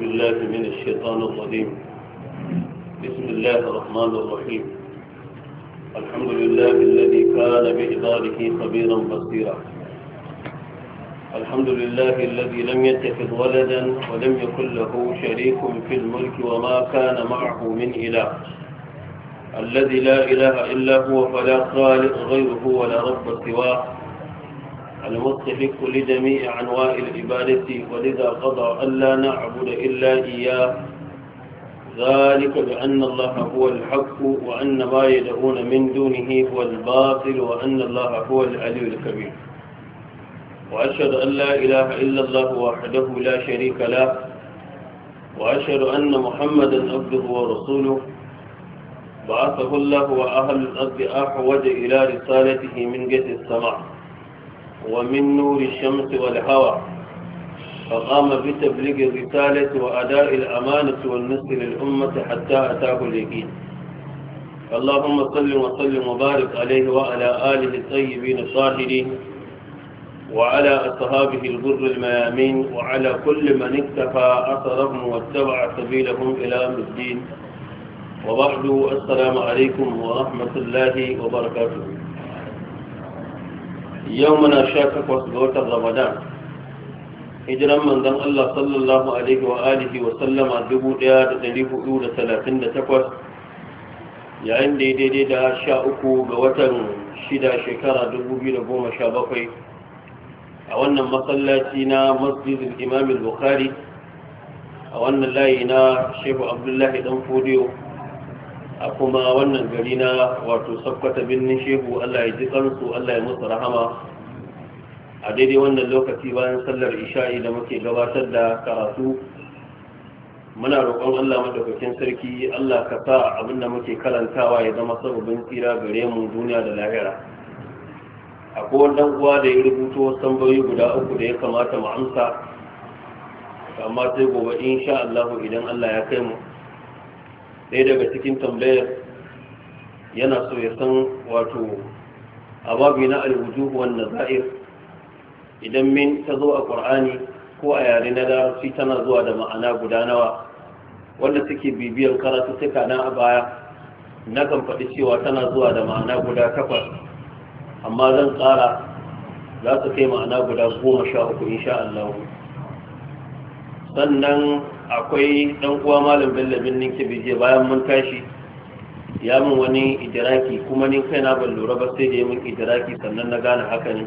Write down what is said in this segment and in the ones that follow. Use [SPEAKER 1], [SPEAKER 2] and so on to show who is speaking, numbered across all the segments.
[SPEAKER 1] بالله من الشيطان الرجيم بسم الله الرحمن الرحيم الحمد لله الذي كان بإباده خبيرا بصيرا الحمد لله الذي لم يتخذ ولدا ولم يكن له شريك في الملك وما كان معه من إله الذي لا إله إلا هو فلا خالق غيره ولا رب سواه المستحق لجميع أنواع العبادة ولذا قضى ألا نعبد إلا إياه ذلك بأن الله هو الحق وأن ما يدعون من دونه هو الباطل وأن الله هو العلي الكبير وأشهد أن لا إله إلا الله وحده لا شريك له وأشهد أن محمدا عبده ورسوله بعثه الله وأهل الأرض أحوج إلى رسالته من جهة السماء ومن نور الشمس والهوى فقام بتبليغ الرسالة وأداء الأمانة والنصر للأمة حتى أتاه اليقين اللهم صل وسلم وبارك عليه وعلى آله الطيبين الطاهرين وعلى أصحابه الغر الميامين وعلى كل من اكتفى أثرهم واتبع سبيلهم إلى الدين وبعد السلام عليكم ورحمة الله وبركاته yau muna sha takwas ga watan ramadan hijiran manzan Allah sallallahu alaihi wa alihi wa sallama 1438 yayin da daidai da sha uku ga watan shida shekara 2017 a wannan masallaci na masjidin imam bukhari a wannan layi na shehu abdullahi dan fodiyo a kuma wannan gari na wato sabkwata birnin shehu allah ya ji kansu allah ya musu rahama a daidai wannan lokaci bayan sallar isha'i da muke gabatar da karatu muna roƙon allah madaukakin sarki allah ka sa abin da muke karantawa ya zama sababin tsira gare mu duniya da lahira akwai dan uwa da ya rubuto tambayoyi guda uku da ya kamata mu amsa amma sai gobe insha allahu idan allah ya kai mu ɗaya daga cikin tambayar yana so ya san wato ababi na alwujuhu wanda za'ir idan min ta zo a ƙwar'ani ko a yare na larabci tana zuwa da ma'ana guda wanda suke bibiyar suka na a baya na kan faɗi cewa tana zuwa da ma'ana guda takwas amma zan tsara, za su kai ma'ana guda goma sha uku in sha Allah sannan akwai ɗan uwa malam bellabin ninke bije bayan mun tashi ya mun wani idiraki kuma ni kai na ban lura ba sai da mun idiraki sannan na gane haka ne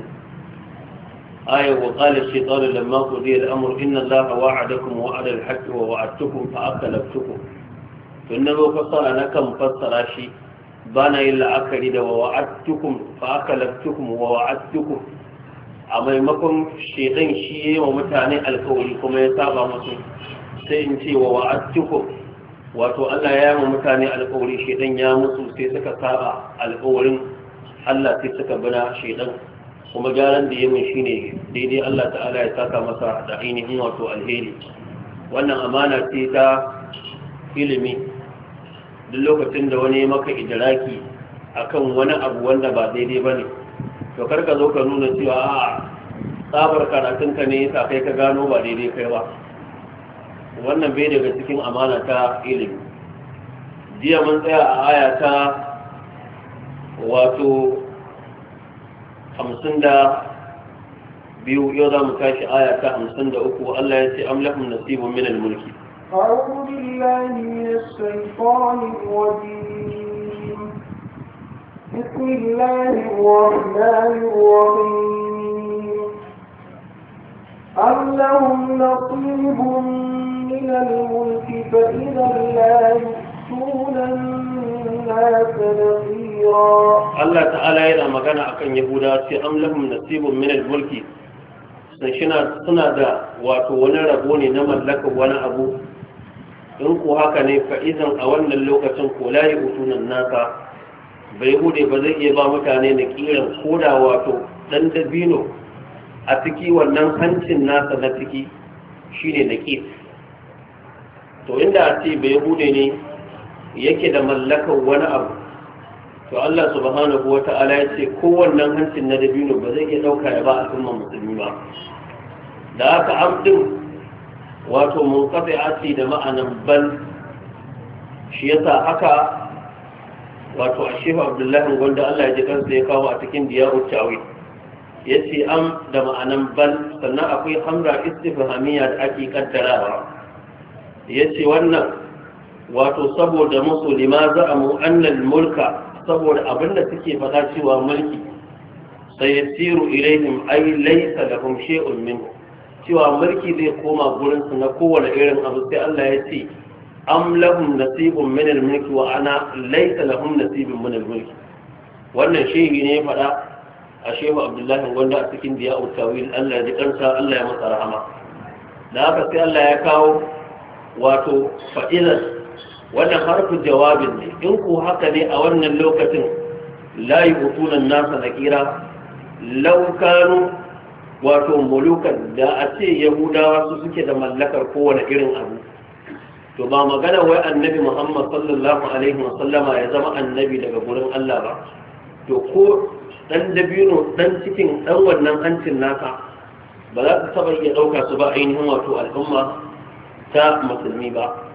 [SPEAKER 1] aya wa qala shaytanu lamma qudiya al amr inna allaha wa'adakum wa'ada al haqq wa wa'adtukum fa akhlaftukum to na zo fasara na kan fassara shi ba na yin la'akari da wa wa'adtukum fa akhlaftukum wa wa'adtukum a maimakon shaytan shi yi wa mutane alkawari kuma ya saba musu sai in ce wa wa'adtuhu wato Allah ya yi mutane alƙawari shedan ya musu sai suka saba alƙawarin Allah sai suka bana shedan kuma gyaran da yamin shine daidai Allah ta'ala ya saka masa da ainihin wato alheri wannan amana ce ta ilimi duk lokacin da wani maka idraki akan wani abu wanda ba daidai bane to karka zo ka nuna cewa a tsabar karatunka ne ta kai ka gano ba daidai kai ba wannan bai daga cikin amana ta ilimi jiya mun tsaya a aya ta wato hamsin da biyu yau za mu tashi aya ta hamsin da uku Allah ya ce amlakun nasibun min al-mulki
[SPEAKER 2] أعوذ بسم الله الرحمن الرحيم أم لهم نصيب من الملك فإذا لا يؤتون الناس نصيرا الله
[SPEAKER 1] تعالى يرى مكان أكن يهودا أم لهم نصيب من الملك suna da wato wani rabo ne na mallakar wani abu in ku haka ne fa'izan a wannan lokacin ko layi usunan nasa bai bude ba zai iya ba mutane na kiran koda wato dan dabino a ciki wannan hancin nasa na ciki shine na to inda a ce bai hune ne yake da mallakar wani abu to Allah subhanahu wa ta'ala ya ce kowannen hancin na dabino ba zai iya ɗauka ya ba a sunan musulmi ba da aka amdin wato mun kafa asi da ma'anan bal shi ya sa haka wato a shehu abdullahi wanda Allah ya ji kansa ya kawo a cikin diyaru tawi ya ce am da ma'anan bal sannan akwai hamra istifhamiya da ake kaddarawa ya ce wannan wato saboda musu lima za a mu'annan mulka saboda abinda suke faɗa cewa mulki sai ya siru ilaihim ai laisa da kumshe ulmin cewa mulki zai koma gurinsu na kowane irin abu sai Allah ya ce am lahum nasibun min mulki wa ana laisa lahum nasibun min mulki wannan shehi ne ya faɗa a shehu abdullahi wanda a cikin biya utawil Allah ya ji kansa Allah ya masa rahama da haka sai Allah ya kawo wato fa'ilan wannan harfin jawabin ne in ko haka ne a wannan lokacin layi utunan nasa na kira laukanu wato mulukan da a ce yahudawa su suke da mallakar kowane irin abu to ba magana wai annabi muhammad sallallahu alaihi wasallama ya zama annabi daga gurin allah ba to ko dan dabino dan cikin dan wannan hancin naka ba za ka taba iya dauka su ba ainihin wato al'umma ta musulmi ba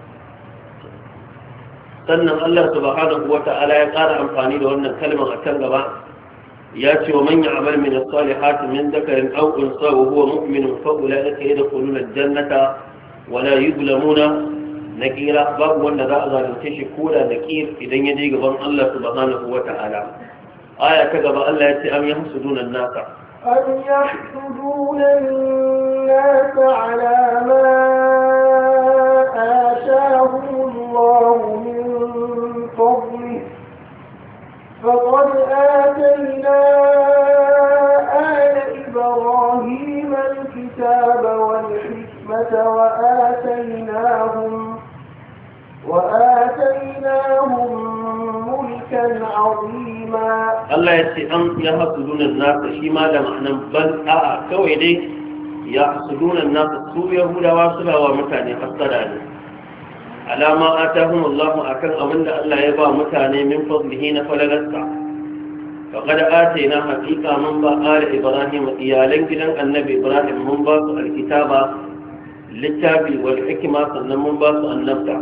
[SPEAKER 1] sannan Allah subhanahu wata'ala ya ƙara amfani da wannan kalmar a can gaba ya ce wa manya amal min as-salihati min dakarin aw unsa wa huwa mu'minun fa ulaika yadkhuluna al-jannata wa la yuzlamuna nakira babu wanda za a zalunce shi ko da nakir idan ya je gaban Allah subhanahu wata'ala aya ta gaba Allah ya ce am yahsuduna an-nasa
[SPEAKER 2] am yahsuduna an-nasa ala ma الله من فضله فقد آتينا آل إبراهيم الكتاب والحكمة وآتيناهم وآتيناهم ملكا عظيما
[SPEAKER 1] الله يسي يا يحسدون الناس شيما لمعنى بل آآ آه، آه، كوي دي يحسدون الناس سوء يهودا واسلا ومتاني حسدا alama atahum Allah a abin da Allah ya ba mutane min fadlihi na falalarsa faqad na haqiqa man ba ala ibrahim iyalan gidan annabi ibrahim mun ba su alkitaba littafi wal sannan mun ba su annabta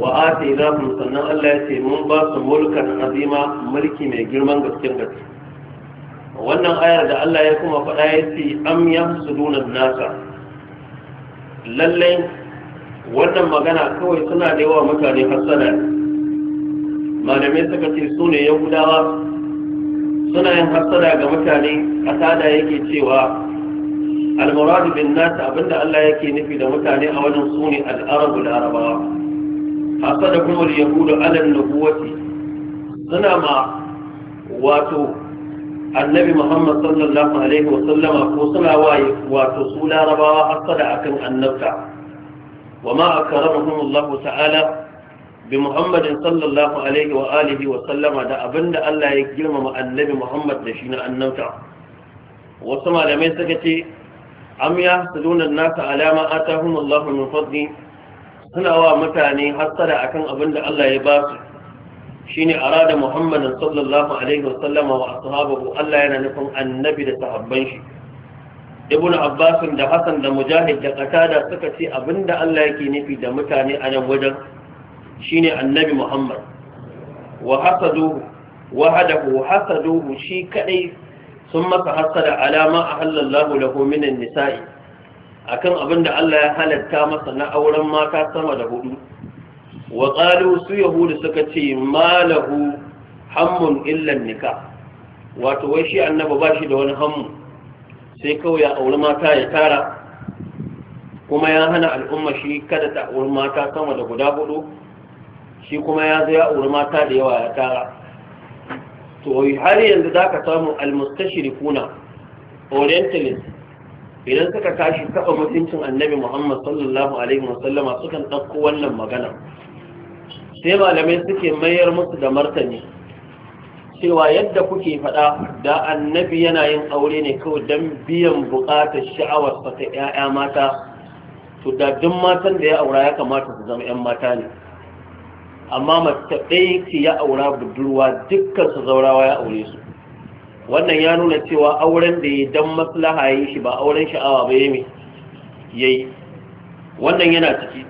[SPEAKER 1] wa atainahum sannan Allah ya ce mun ba su mulkan azima mulki mai girman gaskiyar gaske wannan ayar da Allah ya kuma faɗa ya ce am yahsuduna nasa lallai wannan magana kawai suna da yawa mutane hassana malamai suka ce su ne yahudawa suna yin hassana ga mutane a kasada yake cewa almuradu bin nas abinda Allah yake nufi da mutane a wajen su ne al'arabu da arabawa hasada kuma yahudu alal nubuwati suna ma wato annabi muhammad sallallahu alaihi wa sallama ko suna waye wato su larabawa hasada akan annabta وما أكرمهم الله تعالى بمحمد صلى الله عليه وآله وسلم دا أبن الله يكرم مع النبي محمد لشينا النوتع وسمع لما يسكتي أم يحسدون الناس على ما آتاهم الله من فضله سنوا متاني حصل أكن أبن الله يباسه shine arada muhammadin sallallahu alaihi wasallama wa ashabahu Allah yana nufin annabi da sahabban shi ibn abbas da hasan da mujahid da qatada suka ce abinda Allah yake nufi da mutane a nan wajen shine annabi muhammad wa hasaduhu wa hadahu hasaduhu shi kadai sun masa hasada alama a ahallallahu lahu minan nisa'i akan abinda Allah ya halatta masa na auren mata sama da hudu wa qalu su yahudu suka ce malahu hammun illa nikah wato wai shi annabi ba shi da wani hammu sai kawai ya auri mata ya tara kuma ya hana al'umma shi kada ta auri mata sama da guda hudu shi kuma ya zo auri mata da yawa ya tara to har yanzu za ka samu kuna, orientalist idan suka tashi taɓa mutuncin annabi muhammad sallallahu alaihi wasallama sukan ɗauko wannan magana sai malamai suke mayar musu da martani cewa yadda kuke faɗa da annabi yana yin aure ne kawai don biyan buƙatar sha'awar ta 'ya'ya mata to da duk matan da ya aura ya kamata su zama 'yan mata ne amma mace ɗaya ce ya aura budurwa dukkan su zaurawa ya aure su wannan ya nuna cewa auren da ya dan maslaha yi shi ba auren sha'awa ba ya yi wannan yana ciki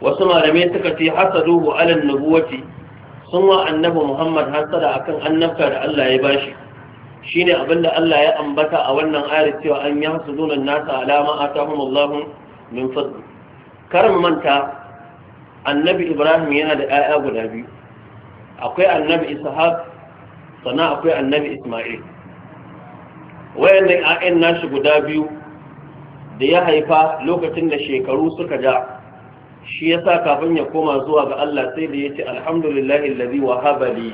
[SPEAKER 1] wasu malamai suka ce hasaduhu alan nubuwati sun wa annabi Muhammad a akan annabta da Allah ya bashi shine abinda Allah ya ambata a wannan ayar cewa an yahsuduna an-nasa alama atahumullahu min fadl karin manta annabi Ibrahim yana da 'ya'ya guda biyu akwai annabi Ishaq sannan akwai annabi Isma'il wayannan 'ya'yan nashi guda biyu da ya haifa lokacin da shekaru suka ja shi yasa kafin ya koma zuwa ga Allah sai da ya yace alhamdulillahi allazi wa habali.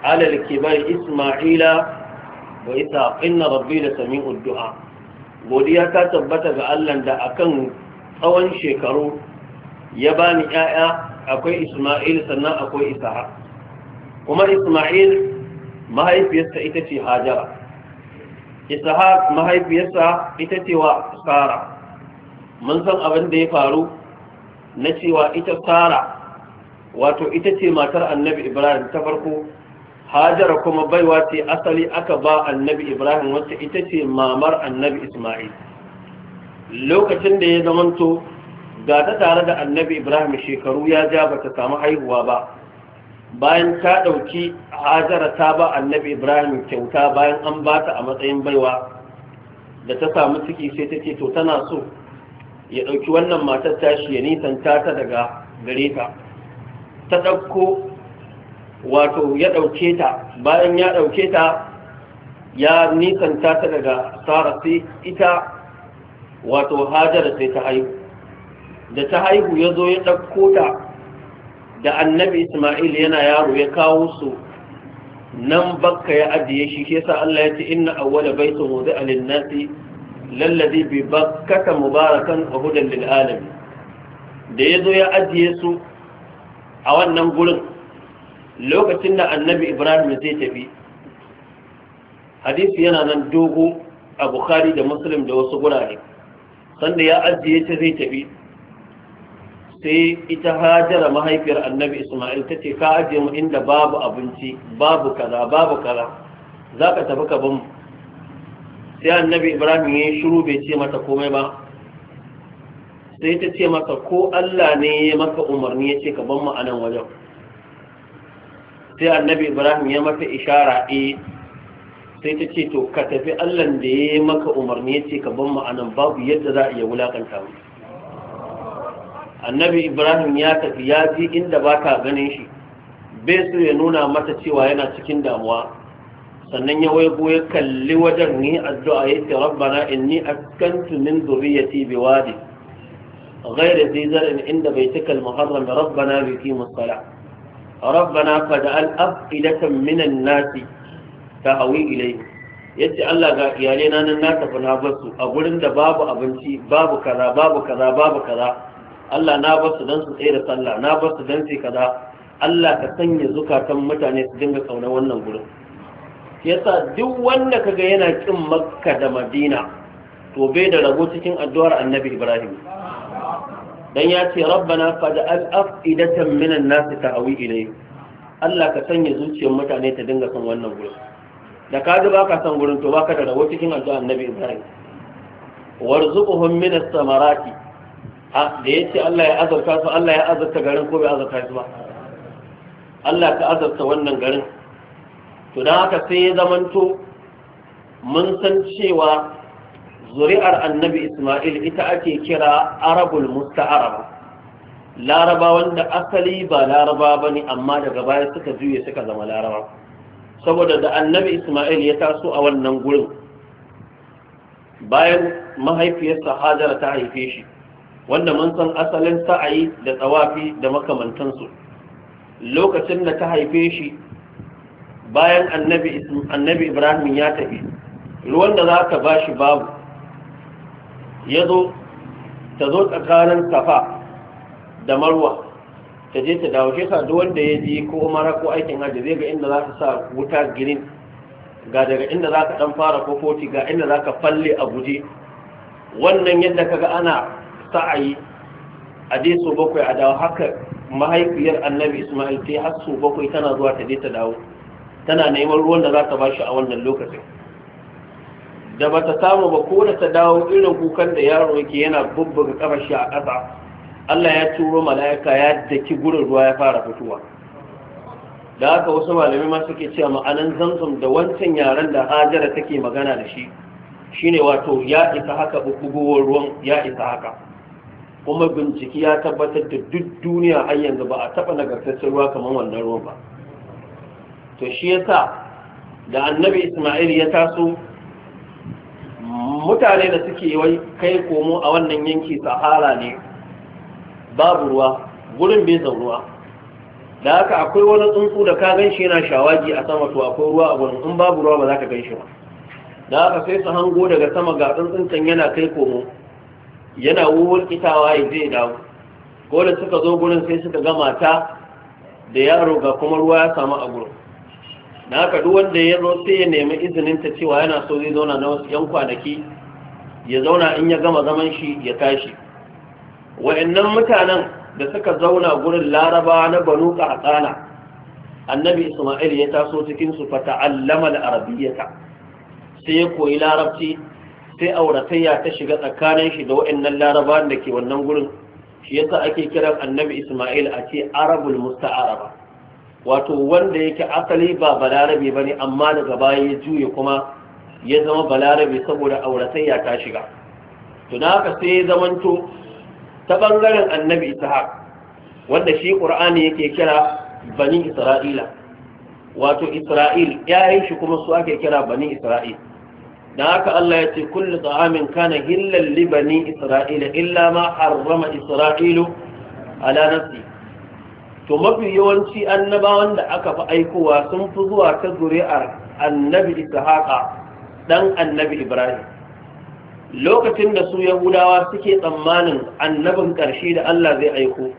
[SPEAKER 1] ala al-kibari isma'ila wa isa inna rabbi la sami'ud du'a godiya ta tabbata ga Allah da akan tsawon shekaru ya bani yaya akwai isma'il sannan akwai isa kuma isma'il mahaifiyarsa ita ce hajara ishaq mahaifiyarsa ita ce wa sara mun san abin da ya faru na cewa ita tsara, wato ita ce matar annabi ibrahim ta farko hajara kuma baiwa ce asali aka ba annabi ibrahim wacce ita ce mamar annabi isma'il lokacin da ya zamanto ga ta tare da annabi ibrahim shekaru ya ja ba ta samu haihuwa ba bayan ta ɗauki hajara ta ba annabi ibrahim kyauta bayan an ba ta a matsayin baiwa da ta samu ciki sai ta ce to tana so ya ɗauki wannan matar tashi ya nisan ta daga gare ta ta ɗauko wato ya ɗauke ta bayan ya ɗauke ta ya nisan tata daga tsara sai ita wato hajara sai ta haihu da ta haihu ya zo ya ɗauko ta da annabi ismail yana yaro ya kawo su nan bakka ya ajiye shi shi yasa Allah ya ce inna awwala baitin wudi'a a linnasi. lallazi bi bakkata mubarakan wa hudan lil alamin da yazo ya ajiye su a wannan gurin lokacin da annabi ibrahim zai tafi hadisi yana nan dogo a bukhari da muslim da wasu gurare sanda ya ajiye ta zai tafi sai ita hajara mahaifiyar annabi isma'il ta ce ka ajiye mu inda babu abinci babu kaza babu kaza za ka tafi ka bin sai annabi ibrahim ya yi shiru bai ce mata komai ba sai ta ce masa ko allah ne ya maka umarni ya ce ka ban mu a nan wajen sai annabi ibrahim ya mata ishara a eh. sai ta ce to ka tafi Allah da ya yi maka umarni ya ce ka ban mu a nan babu yadda za a iya wulakanta mu annabi ibrahim ya tafi ya ji inda ba ta ganin shi bai so ya nuna mata cewa yana cikin damuwa sannan ya waigo ya kalli wajen yi addu'a ya ce rabbana inni askantu ya zuriyati bi wadi ghayra zai zarin inda bai cika al-muharram rabbana bi ki musala rabbana faj'al afidatan min an-nasi ilai. Ya ce, Allah ga iyale na nan na tafi na basu a gurin da babu abinci babu kaza babu kaza babu kaza Allah na basu dan su tsere sallah na basu dan su kaza Allah ka sanya zukatan mutane su dinga kauna wannan gurin yasa duk wanda kaga yana kin makka da madina to bai da rabo cikin addu'ar annabi ibrahim dan ya ce rabbana faj'al afidatan minan nas ta'awi ilay Allah ka sanya zuciyar mutane ta dinga son wannan gurin da ka ji baka son gurin to baka da rabo cikin addu'ar annabi ibrahim warzuquhum as samarati da yace Allah ya azurta su Allah ya azurta garin ko bai azurta su ba Allah ka azurta wannan garin to da haka sai ya zamanto mun san cewa zuri'ar annabi ismail ita ake kira arabul musta'araba laraba wanda asali ba laraba ba ne amma daga baya suka juye suka zama laraba saboda da annabi ismail ya taso a wannan gurin bayan mahaifiyarsa hajara ta haife shi wanda mun san asalin sa'ayi da tsawafi da makamantansu lokacin da ta haife shi bayan annabi ibrahim ya tafi ruwan da za ka ba shi babu ya zo ta zo tsakanin kafa da marwa ta je ta dawo shesa duk wanda ya ji ko mara ko aikin hajji zai ga inda za ka sa wuta girin ga daga inda za ka dan fara ko foti ga inda za ka falle a guje wannan yadda ka ga ana sa'ayi a je so bakwai a dawo haka mahaifiyar annabi ismail ta har so bakwai tana zuwa ta je ta dawo tana neman ruwan da za ta bashi a wannan lokacin da ba ta samu ba ko da ta dawo irin kukan da yaro yake yana bubbuga kafashi a ƙasa Allah ya turo mala'ika ya daki gurin ruwa ya fara fitowa da haka wasu malami ma suke cewa ma'anan zamzam da wancan yaren da hajara take magana da shi shine wato ya isa haka bubbugowar ruwan ya isa haka kuma bincike ya tabbatar da duk duniya har yanzu ba a taɓa nagartaccen ruwa kamar wannan ruwan ba to shi yasa da annabi Ismail ya taso mutane da suke wai kai komo a wannan yanki sahara ne babu ruwa gurin bai ruwa. da haka akwai wani tsuntsu da ka ganshi yana shawagi a sama to akwai ruwa a gurin in babu ruwa ba za ka ganshi ba da haka sai su hango daga sama ga tsuntsun yana kai komo yana wuwul kitawa ya zai dawo ko da suka zo gurin sai suka ga mata da yaro ga kuma ruwa ya samu a gurin na haka duk wanda ya zo sai ya nemi izinin ta cewa yana so zai zauna na wasu yan kwanaki ya zauna in ya gama zaman shi ya tashi wa'annan mutanen da suka zauna gurin laraba na banu qahtana annabi isma'il ya taso cikin su fata ta'allama arabiyyata sai ya koyi larabci sai auratayya ta shiga tsakanin shi da wa'annan laraba da ke wannan gurin shi yasa ake kiran annabi isma'il a ce arabul musta'araba wato wanda yake asali ba balarabe ba ne amma daga baya ya juye kuma ya zama balarabe saboda auratayya ta shiga to na haka sai ya zamanto ta ɓangaren annabi ishaq wanda shi ƙur'ani yake kira bani isra'ila wato isra'il yayin shi kuma su ake kira bani isra'il da haka Allah ya ce kullu ta'amin kana hillal li bani isra'ila illa ma harrama isra'ilu ala nafsi to mafi yawanci annabawan da aka fi aikowa sun fi zuwa ta zuri'ar annabi ishaqa dan annabi ibrahim lokacin da su yahudawa suke tsammanin annabin ƙarshe da allah zai aiko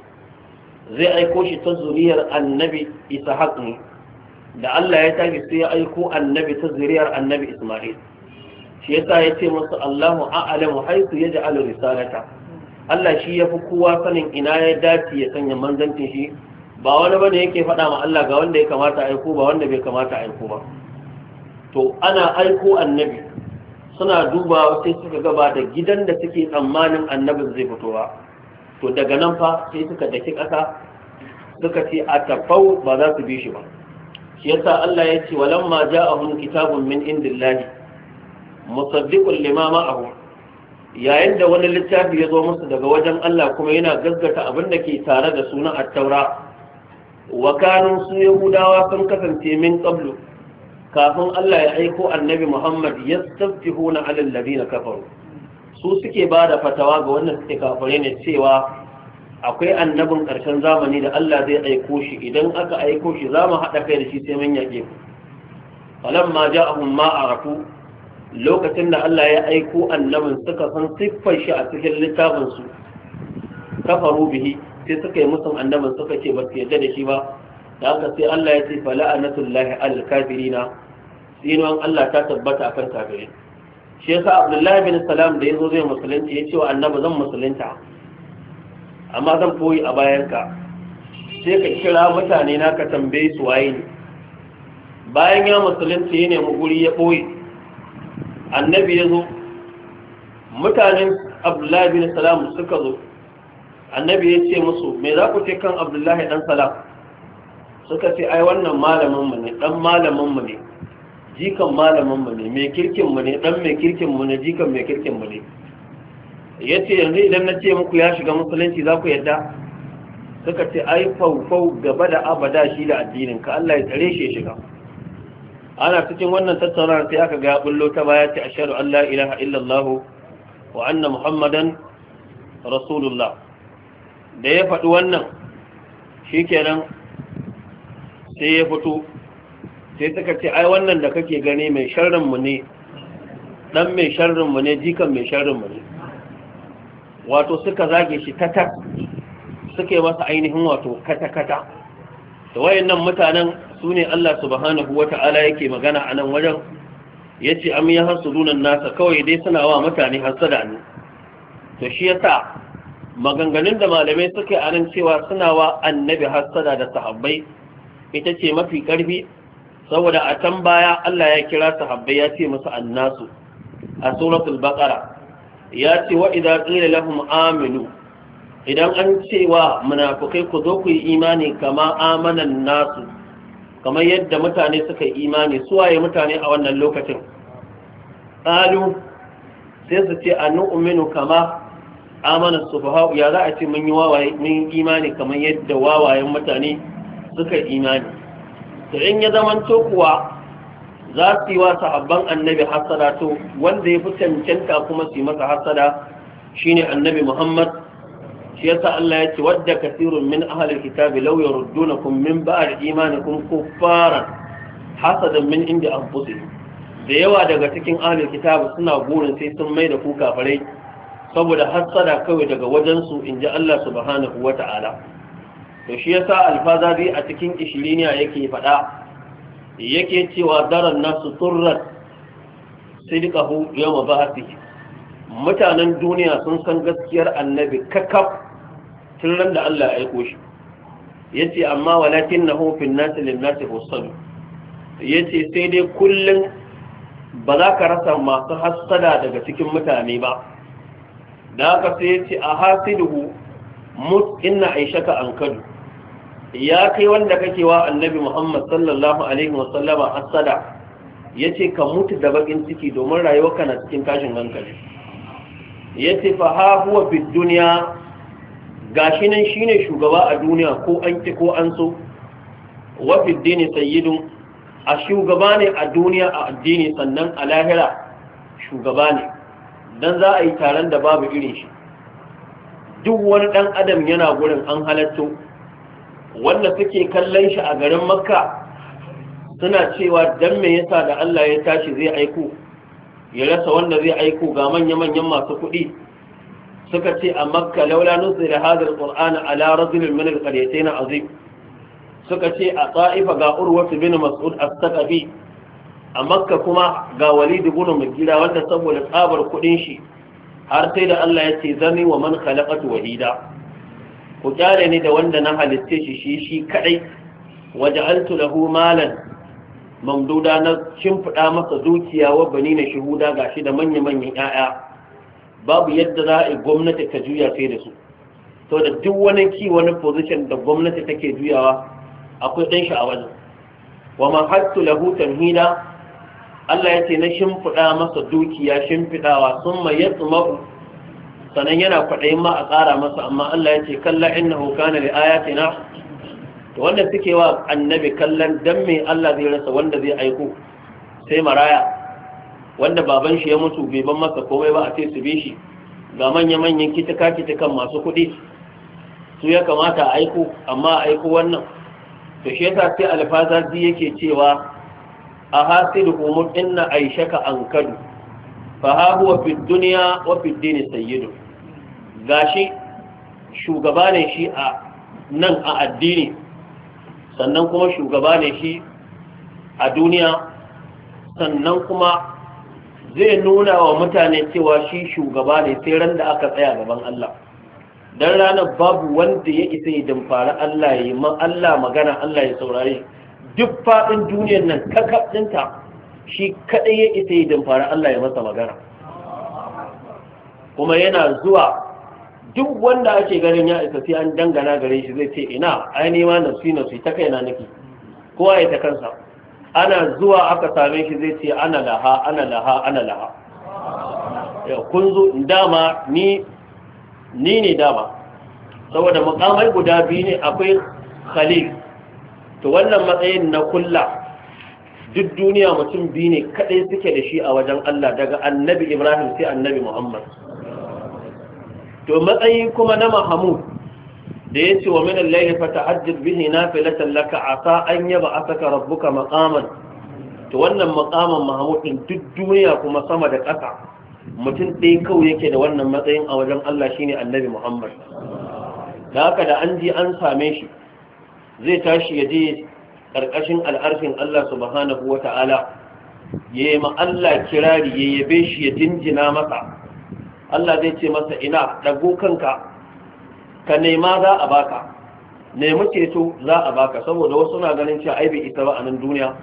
[SPEAKER 1] zai aiko shi ta zuriyar annabi ishaq ne da allah ya tafi sai ya aiko annabi ta zuriyar annabi ismail shi yasa ya ce masu allahu a'alamu haisu ya ji risalata allah shi ya fi kowa sanin ina ya dace ya sanya manzancin shi ba wani bane yake faɗa ma Allah ga wanda ya kamata aiko ba wanda bai kamata aiko ba to ana aiko annabi suna dubawa sai suka gaba da gidan da suke tsammanin annabin zai fito ba to daga nan fa sai suka daki ƙasa suka ce a tafau ba za su bi shi ba shi yasa Allah ya ce walamma ja'ahum kitabun min indillahi musaddiqul lima ma'ahu yayin da wani littafi ya zo musu daga wajen Allah kuma yana gaggata abin da ke tare da sunan attaura wa kanu su yahudawa sun kasance min tsablu kafin Allah ya aiko annabi Muhammad ya alin labi na kafaru su suke ba da fatawa ga wannan suke kafare ne cewa akwai annabin ƙarshen zamani da Allah zai aiko shi idan aka aiko shi za mu haɗa kai da shi sai mun yaƙe ku ja ja'ahum ma rafu. lokacin da Allah ya aiko annabin suka san siffar shi a cikin littafinsu. kafaru bihi sai suka yi musun annabin suka ce ba su yarda da shi ba da haka sai Allah ya ce llahi alal kafirina tsinuwan Allah ta tabbata akan kafirai shi yasa Abdullahi bin Salam da yazo zai musulunci ya ce wa annabi zan musulunta amma zan koyi a ka sai ka kira mutane na ka tambaye su waye ne bayan ya musulunci ya nemi guri ya ɓoye annabi ya zo mutanen abdullahi bin salam suka zo annabi ya ce musu me za ku ce kan abdullahi dan salam suka ce ai wannan malamin mu ne dan mu ne jikan malamin mu ne mai kirkin mu ne dan mai kirkin mu ne jikan mai kirkin mu ne ya ce yanzu idan na ce muku ya shiga musulunci za ku yadda suka ce ai faufau gaba da abada shi da addinin ka Allah ya tsare shi ya shiga ana cikin wannan tattaunawar sai aka ga bullo ta baya ce ashhadu an la ilaha illallah wa anna muhammadan rasulullah da ya faɗi wannan shi shikenan sai ya fito sai suka ce ai wannan da kake gani mai sharrinmu ne dan mai sharrinmu ne jikan mai sharrinmu ne wato suka zage shi kata suka yi masa ainihin wato kata-kata da wayannan mutanen su ne Allah subhanahu wata'ala yake magana a nan wajen yace ce am nasa kawai dai suna wa mutane hasada ne to shi ya sa maganganun da malamai suke a nan cewa suna wa annabi hassada da sahabbai ita ce mafi ƙarfi. saboda a can baya Allah ya kira sahabbai ya ce musu annasu a suratul baqara ya ce wa idza qila lahum aminu idan an cewa munafikai ku zo ku yi imani kama amanan nasu kamar yadda mutane suka yi imani su suwaye mutane a wannan lokacin qalu sai su ce annu kama amanar fa ya za a ce mun yi wawaye mun imani kamar yadda wawayen mutane suka imani to in ya zaman to kuwa za su yi wa sahabban annabi hasada to wanda ya fi cancanta kuma su yi masa hasada shine annabi muhammad shi yasa Allah ya ce wadda kasirun min ahlil kitabi law yurdunakum min ba'd imanikum kuffaran hasadan min inda anfusihim da yawa daga cikin ahlil kitabi suna burin sai sun mai da ku kafirai saboda hassada kawai daga wajensu in ji Allah subhanahu wa ta'ala Da shi yasa alfazari a cikin ishiriniya yake faɗa yake cewa daren nasu turrat sidikahu yau ba mutanen duniya sun san gaskiyar annabi kakaf tun ran da Allah ya aiko shi yace amma walakin na hufin nasi lil nasi Ya yace sai dai kullum ba za ka rasa masu hassada daga cikin mutane ba da aka sai ce a hasiduhu mut inna aishaka an kadu ya kai wanda kake wa annabi muhammad sallallahu alaihi wasallama asada ya ce ka mutu da bakin ciki domin rayuwa kana cikin tashin hankali ya ce fa ha huwa fi duniya gashi nan shine shugaba a duniya ko an ki ko an so wa fi dini sayyidun a shugaba ne a duniya a addini sannan a lahira shugaba ne dan za a yi taron da babu irin shi duk wani dan adam yana gurin an halatto wanda suke kallon shi a garin makka suna cewa dan me yasa da Allah ya tashi zai aiko ya rasa wanda zai aiko ga manya-manyan masu kuɗi suka ce a makka laula nusira hadal qur'an ala rajulin min al-qaryatayn azim suka ce a ta'ifa ga urwatu bin mas'ud as a makka kuma ga walid mai mugira wanda saboda tsabar kudin shi har sai da Allah ya ce zani wa man khalaqatu wahida ku kyale ni da wanda na halitte shi shi shi kadai waja'altu lahu malan mamduda na shimfida masa dukiya wa bani na shuhuda gashi da manya manyan yaya babu yadda za a gwamnati ta juya sai da su to da duk wani ki wani position da gwamnati take juyawa akwai dan shi a wajen wa man hattu lahu tanhida Allah ya ce na shimfiɗa masa dukiya shimfiɗawa sun mai ya tsumaru Sanan yana kwaɗayin ma a tsara masa amma Allah ya ce kalla inna hukana da ayatina to wanda suke wa annabi kallon don mai Allah zai rasa wanda zai aiko sai maraya wanda baban shi ya mutu bai ban masa komai ba a ce su bi shi ga manya-manyan kitika kitikan masu kuɗi su ya kamata a aiko amma a aiko wannan to shi yasa sai ji yake cewa a hasidu Umar inna aishaka an kadu fa ha wa fi duniya wa fi dini sayyidu gashi shugaba ne shi a nan a addini sannan kuma shugaba ne shi a duniya sannan kuma zai nuna wa mutane cewa shi shugaba ne sai ran da aka tsaya gaban Allah dan ranar babu wanda ya isa ya damfara Allah ya yi Allah magana Allah ya saurare duk faɗin duniyar nan kakaɗinta ɗinta shi kaɗai ya isa yi damfara Allah ya masa magana kuma yana zuwa duk wanda ake ganin ya isa sai an dangana gare shi zai ce ina na nema na suyi ta kaina nake kowa ya ta kansa ana zuwa aka same shi zai ce ana laha ana laha ana laha kun zo dama ni ni ne dama saboda mukamai guda biyu ne akwai khalil to wannan matsayin na kulla duk duniya mutum biyu ne kadai suke da shi a wajen Allah daga annabi Ibrahim sai annabi Muhammad to matsayi kuma na Mahamud da ya wa min al-layli fatahajjid bihi nafilatan laka sa an yaba asaka rabbuka maqaman to wannan maqaman Mahamud din duk duniya kuma sama da ƙasa mutum ɗaya kawai yake da wannan matsayin a wajen Allah shine annabi Muhammad da haka da an ji an same shi zai tashi ya je ƙarƙashin al'arfin Allah subhanahu wa ta'ala ya yi Allah kirari ya yabe shi ya jinjina masa Allah zai ce masa ina ɗago kanka ka nema za a baka nemi ceto za a baka saboda wasu na ganin cewa ai isa ba a nan duniya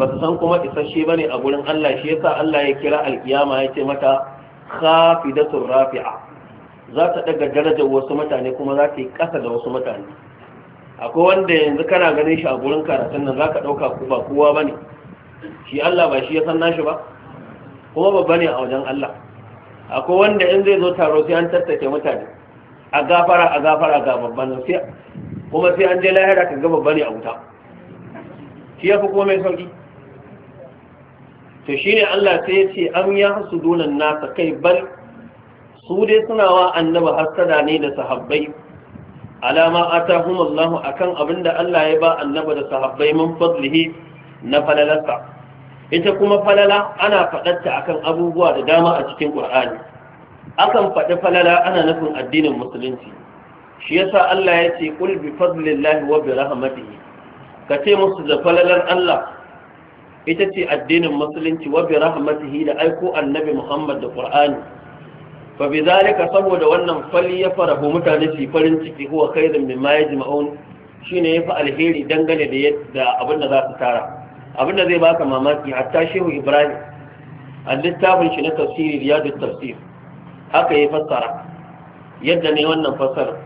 [SPEAKER 1] ba su san kuma isasshe ba ne a gurin Allah shi yasa Allah ya kira alkiyama ya ce mata khafidatur rafi'a za ta daga darajar wasu mutane kuma za ta yi ƙasa da wasu mutane akwai wanda yanzu kana ganin shi a gurin karatun nan zaka dauka ku ba kowa bane shi Allah ba shi ya san nashi ba kuma babba ne a wajen Allah akwai wanda in zai zo taro sai an tattake mutane a gafara a gafara ga babban sai kuma sai an je lahira ka ga babba ne a wuta shi ya fi kuma mai sauki to shine Allah sai ya ce am ya dunan nasa kai bal su dai suna wa annaba hasada ne da sahabbai alama atahum Allah akan abinda Allah ya ba annaba da sahabbai mun fadlihi na falalarsa ita kuma falala ana faɗarta akan abubuwa da dama a cikin ƙur'ani. akan faɗi falala ana nufin addinin musulunci shi yasa Allah ya ce qul bi fadlillahi wa bi rahmatihi ka ce musu da falalar Allah ita ce addinin musulunci wa bi rahmatihi da aiko annabi Muhammad da Ƙur'ani. fa bi zalika saboda wannan fali ya farahu mutane su farin ciki huwa khairun mimma yajma'un shine yafi alheri dangane da da abin da za su tara abin da zai baka mamaki hatta shehu ibrahim a littafin shi na tafsiri riyadu tafsir haka ya fassara yadda ne wannan fassara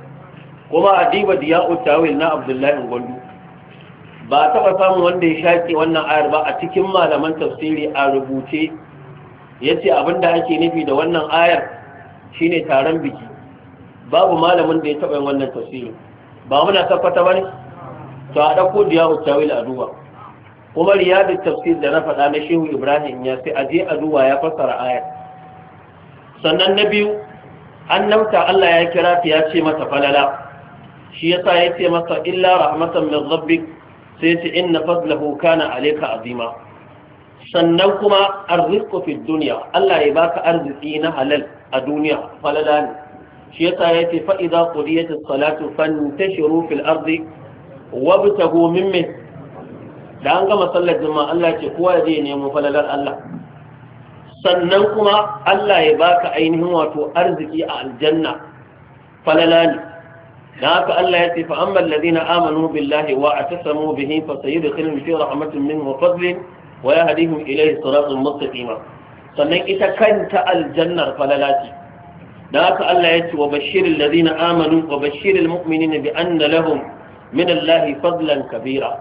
[SPEAKER 1] kuma adiba diya'u tawil na abdullahi gondu ba taɓa samun wanda ya shaƙe wannan ayar ba a cikin malaman tafsiri a rubuce ya ce abinda ake nufi da wannan ayar shine taron biki babu malamin da ya taɓa yin wannan tasiri ba muna tabbata ba ne to a ɗauko diya tawil a duba kuma riyadin tafsir da na faɗa na shehu ibrahim ya sai a a duba ya fassara ra'ayar. sannan na biyu annabta Allah ya kira ta ya ce mata falala shi yasa ya ce masa illa rahmatan min rabbik sai ya ce inna fadlahu kana alayka azima sannan kuma arzikku fi duniya Allah ya baka arziki na halal a duniya falala ne shi yasa yace fa idza qudiyatis salatu fantashiru fil ardi wabtagu min min da an gama sallar juma'a Allah ce kowa zai nemo falalar Allah sannan kuma Allah ya baka ainihin wato arziki a aljanna falala ne da haka Allah ya ce fa amma alladhina amanu billahi wa atasamu bihi fa sayudkhiluhum fi rahmatin minhu wa fadlin wa yahdihim ilayhi siratal mustaqim sannan ita kanta aljannar falalati da haka Allah ya ce wa bashirin ladina amanu wa bashirin mu'minina bi anna lahum fadlan kabira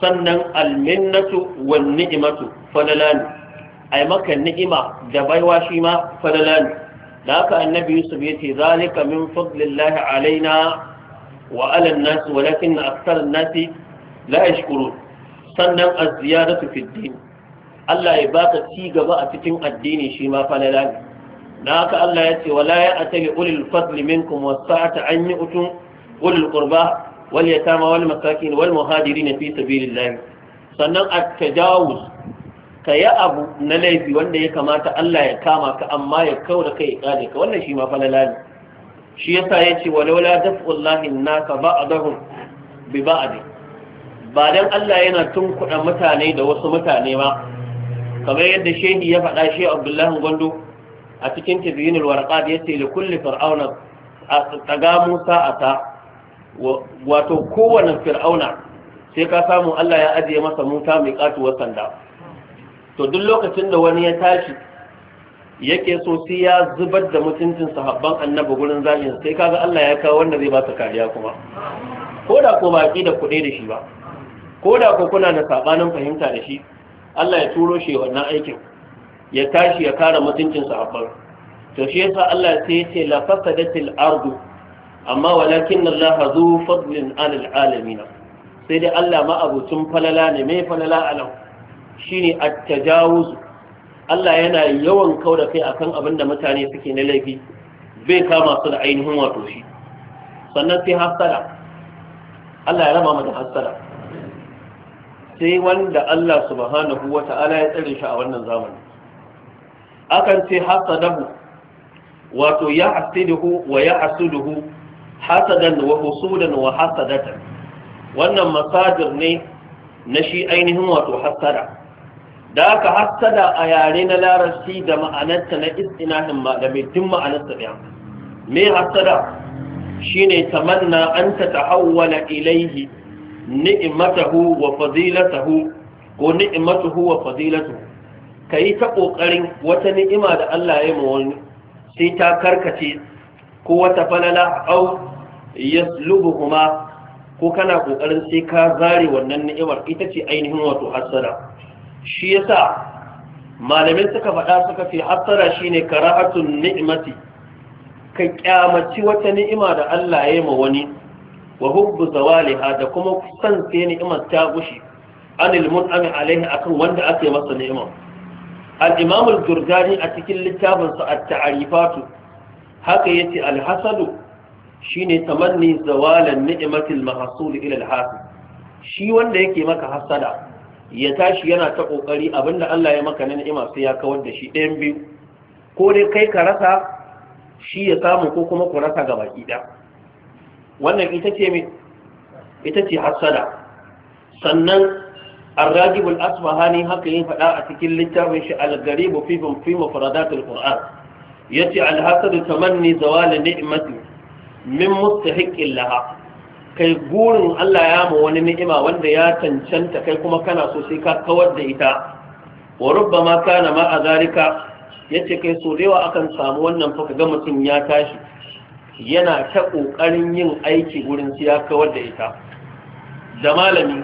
[SPEAKER 1] sannan alminnatu wan ni'matu A yi maka ni'ima da baiwa shi ma fadalan da haka annabi Yusuf yace zalika min fadlillahi alaina wa ala an-nas walakin akthar an-nas la sannan a ziyadatu fi Allah ya baka ci gaba a cikin addini shi ma falala ne haka Allah ya ce wala ya atali ulil fadli minkum wasa'ata an yu'tu ulil qurba wal yatama wal masakin wal muhajirin fi sabilillah sannan a tajawuz ka yi abu na laifi wanda ya kamata Allah ya kama ka amma ya kau da kai ya kare ka wannan shi ma falala ne shi yasa ya ce walau la daf'ullahi naka ba'dahum bi ba dan Allah yana tun kuɗa mutane da wasu mutane ba kamar yadda shehi ya faɗa shi Abdullahi Gwando, a cikin tabyinul warqad yace da kulle fir'auna tsaga Musa ata wato kowane fir'auna sai ka samu Allah ya ajiye masa muta mai katuwar sanda to duk lokacin da wani ya tashi yake so sai ya zubar da mutuncin sahabban annabi gurin zalin sai kaga Allah ya kawo wanda zai ba su kariya kuma ko da ko baki da kuɗe da shi ba ko da ko kuna da sabanin fahimta da shi Allah ya turo shi wannan aikin ya tashi ya kare mutuncin sahabban to shi yasa Allah sai ya ce la fasadatil ardu amma walakin Allah zu fadlin alal alamin sai dai Allah ma abucin falala ne mai falala alam shine at-tajawuz Allah yana yawan kauda kai akan abin da mutane suke na laifi bai kama su da ainihin wato shi sannan sai hasara Allah ya raba mu da hasara sai wanda Allah subhanahu wata'ala ya tsare shi a wannan zamani akan ce hasadahu wato ya hasiduhu wa ya hasuduhu hasadan wa husudan wa hasadatan wannan masajir ne na shi ainihin wato hasada da aka hasada a yare na larabci da ma'anarta na istinahin malamai tun ma'anarta ɗaya me hasada shine tamanna an ta tahawwala ilaihi ni'imatahu wa fadilatahu ko ni'imatuhu wa fadilatuhu kai ta kokarin wata ni'ima da Allah ya yi wani sai ta karkace ko wata falala au yaslubuhuma ko kana kokarin sai ka zare wannan ni'imar ita ce ainihin wato hasara shi yasa malamin suka faɗa suka fi hasara shine kara'atun ni'imati ka kyamaci wata ni'ima da Allah ya yi ma wani wa hubbu zawaliha da kuma san sai ni'imar ta gushi anil mun'ami alaihi akan wanda ake masa ni'imar al-imam al-jurjani a cikin littafin sa at-ta'rifatu haka yace al-hasadu shine tamanni zawalan ni'matil mahsul ila al-hasid shi wanda yake maka hasada ya tashi yana ta kokari abinda Allah ya maka na ni'ima sai ya kawar da shi ɗayan biyu ko dai kai ka rasa shi ya samu ko kuma ku rasa ga baki ɗaya wannan ita ce mai ita ce hassada sannan arragibul asfahani haka yin faɗa a cikin littafin shi al-garibu fi fi mufradatil qur'an yace al-hasadu tamanni zawal ni'mati min mustahiqin laha kai gurin Allah ya ma wani ni'ima wanda ya cancanta kai kuma kana sosai sai ka kawar da ita wa rubbama kana ma azarika yace kai so dewa akan samu wannan fa ga mutum ya tashi yana ta ƙoƙarin yin aiki wurin siya kawar da ita da malami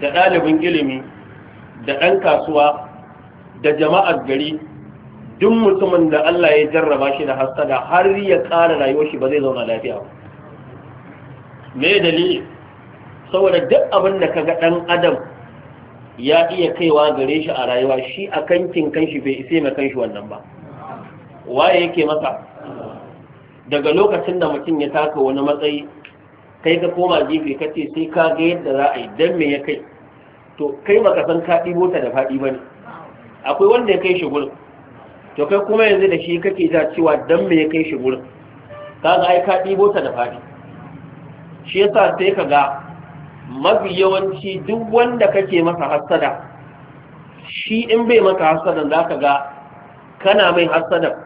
[SPEAKER 1] da ɗalibin ilimi da ɗan kasuwa da jama'ar gari duk mutumin da Allah ya jarraba shi da hasada har ya ƙara rayuwar shi ba zai zauna lafiya ba me dalili saboda duk abin da ka ga ɗan adam ya iya kaiwa gare shi a rayuwa shi a kankin kanshi bai isa mai kanshi wannan ba waye yake masa daga lokacin da mutum ya taka wani matsayi kai ka koma gefe ka ce sai ka ga yadda za a yi dan me ya kai to kai baka san ka ɗibo ta da faɗi ba ne akwai wanda ya kai shi gurin to kai kuma yanzu da shi kake ja cewa dan me ya kai shi gurin ka ga ai ka ɗibo ta da faɗi shi yasa sai ka ga mafi yawanci duk wanda kake masa hassada shi in bai maka hassadan za ka ga kana mai hassadan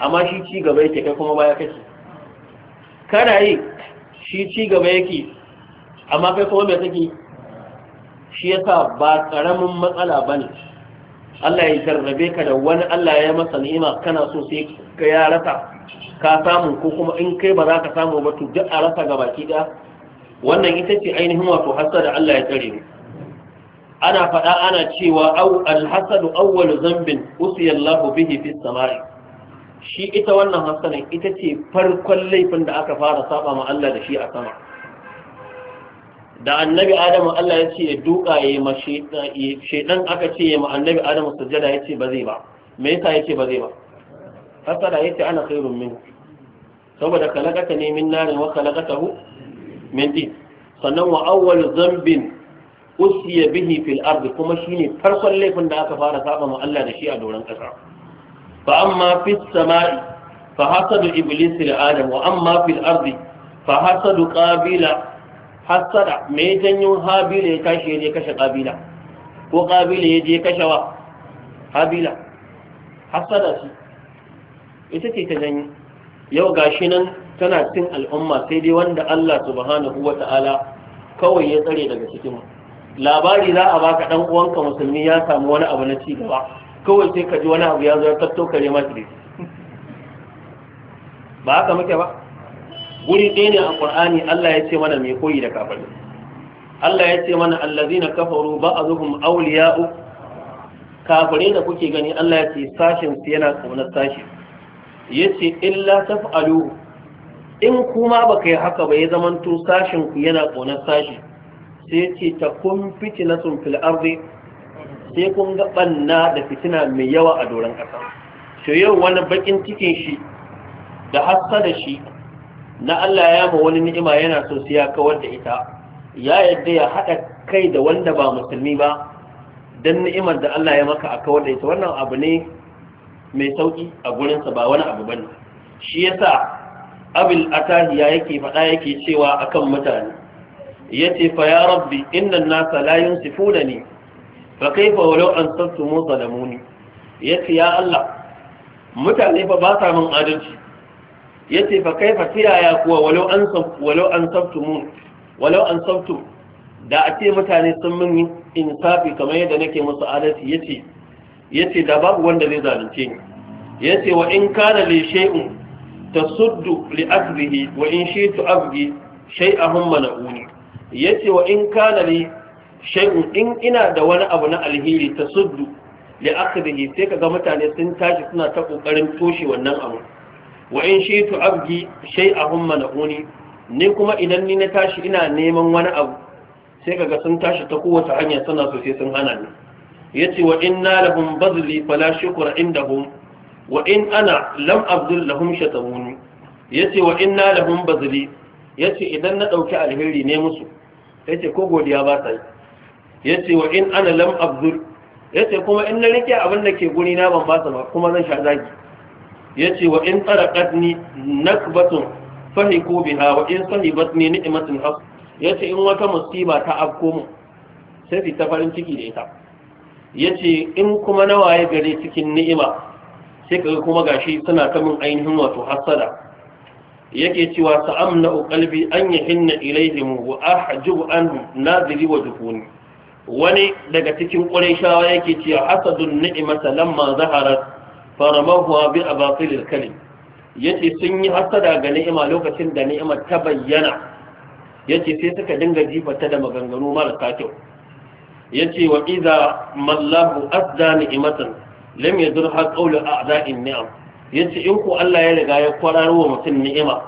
[SPEAKER 1] amma shi ci gaba yake kai kuma baya kake kana yi shi ci gaba yake amma kai kuma me kake shi yasa ba karamin matsala bane Allah ya jarrabe ka da wani Allah ya masa ni'ima kana so sai ka ya rasa ka samu ko kuma in kai ba za ka samu ba to duk a rasa ga baki da wannan ita ce ainihin wato hasada Allah ya tsare ni. ana faɗa ana cewa au alhasadu awwalu zambin usiya bihi fi samai shi ita wannan hasanan ita ce farkon laifin da aka fara saba ma Allah da shi a sama da annabi adamu Allah ya ce ya duka ya ma shaidan aka ce ya ma annabi adamu sujjada ya ce ba zai ba me yasa ya ce ba zai ba hasara ya ce ana khairun min saboda kalakata ne min narin wa hu? min din sannan wa awwal zambin usiya bihi fil ardi kuma shine farkon laifin da aka fara saba ma Allah da shi a doron kasa فأما في السماء فحسد إبليس لآدم وأما في الأرض فحسد kashe حسد ميتن هابيل يكاشي يكاشي قابل وقابل يجي يكاشي هابيل حسد شيء ita ce ta janyi yau gashi nan tana cin al'umma sai dai wanda Allah subhanahu wa ta'ala kawai ya tsare daga cikin labari za a baka dan uwanka musulmi ya samu wani abu na ci gaba kawai sai kaji wani abu ya zo ya tattaukare masu da ba haka muke ba guri ɗaya ne a ƙur'ani Allah ya ce mana mai koyi da kafar Allah ya ce mana na kafaru zuhun auliya'u kafare da kuke gani Allah ya ce sashen su yana kaunar sashi ce, illa fa'alu in kuma ka yi haka ba ya zamanto sashen ku yana kaunar sashi sai ce, yace takum fitnatun fil arzi. sai kun ga banna da fitina mai yawa a doron ƙasa shi wani bakin cikin shi da hassa da shi na Allah ya ma wani ni'ima yana so sai ya kawar da ita ya yadda ya haɗa kai da wanda ba musulmi ba dan ni'imar da Allah ya maka a kawar da ita wannan abu ne mai sauƙi a gurinsa ba wani abu bane shi yasa abul atahiya yake faɗa yake cewa akan mutane yace fa ya rabbi innan nasa la yunsifuna fa kaifa walau an sattu mu zalamuni yace ya Allah mutane fa ba sa min adalci yace fa kaifa tiyaya kuwa walau an walau an sattu mu walau an sattu da a ce mutane sun min insafi kamar yadda nake musu adalci yace yace da babu wanda zai zalunce ni yace wa in kana li shay'un tasuddu li akrihi wa in shaytu abgi shay'ahum mana'uni yace wa in kana li shayin in ina da wani abu na alheri ta suddu aka da sai kaga mutane sun tashi suna ta ƙoƙarin toshe wannan abu wa in tu abgi shay'ahum manuni ni kuma idan ni na tashi ina neman wani abu sai kaga sun tashi ta kowace hanya suna so sai sun hana ni Ya ce, wa na lahun bazili fala inda hun wa in ana lam abdul lahum ya ce wa lahun bazili Ya ce, idan na ɗauki alheri ne musu ce, ko godiya ba ta yi Ya ce, wa in ana lam abdur ce kuma in na rike abin da ke guri na ban basa ba kuma zan sha zagi ce, wa in taraqatni nakbatun fahiku biha wa in sahibatni ni'matun Ya ce, in wata musiba ta afko mu sai fita farin ciki da ita Ya ce, in kuma waye gare cikin ni'ima sai kaga kuma gashi suna ta min ainihin wato hasada yake cewa sa'amna qalbi an yahinna ilaihim wa ahjubu Na nazili wa dukuni wani daga cikin ƙurayshawa yake a hasadun ni'imata lamma zaharat faramahu bi abatil kalim yace sun yi hasada ga ni'ima lokacin da ni'imar ta bayyana yace sai suka dinga jifata da maganganu marasa kyau yace wa iza mallahu azza ni'imatan lam yadurha qawlu a'da'in ni'am yace in ku Allah ya riga ya kwararo mutum ni'ima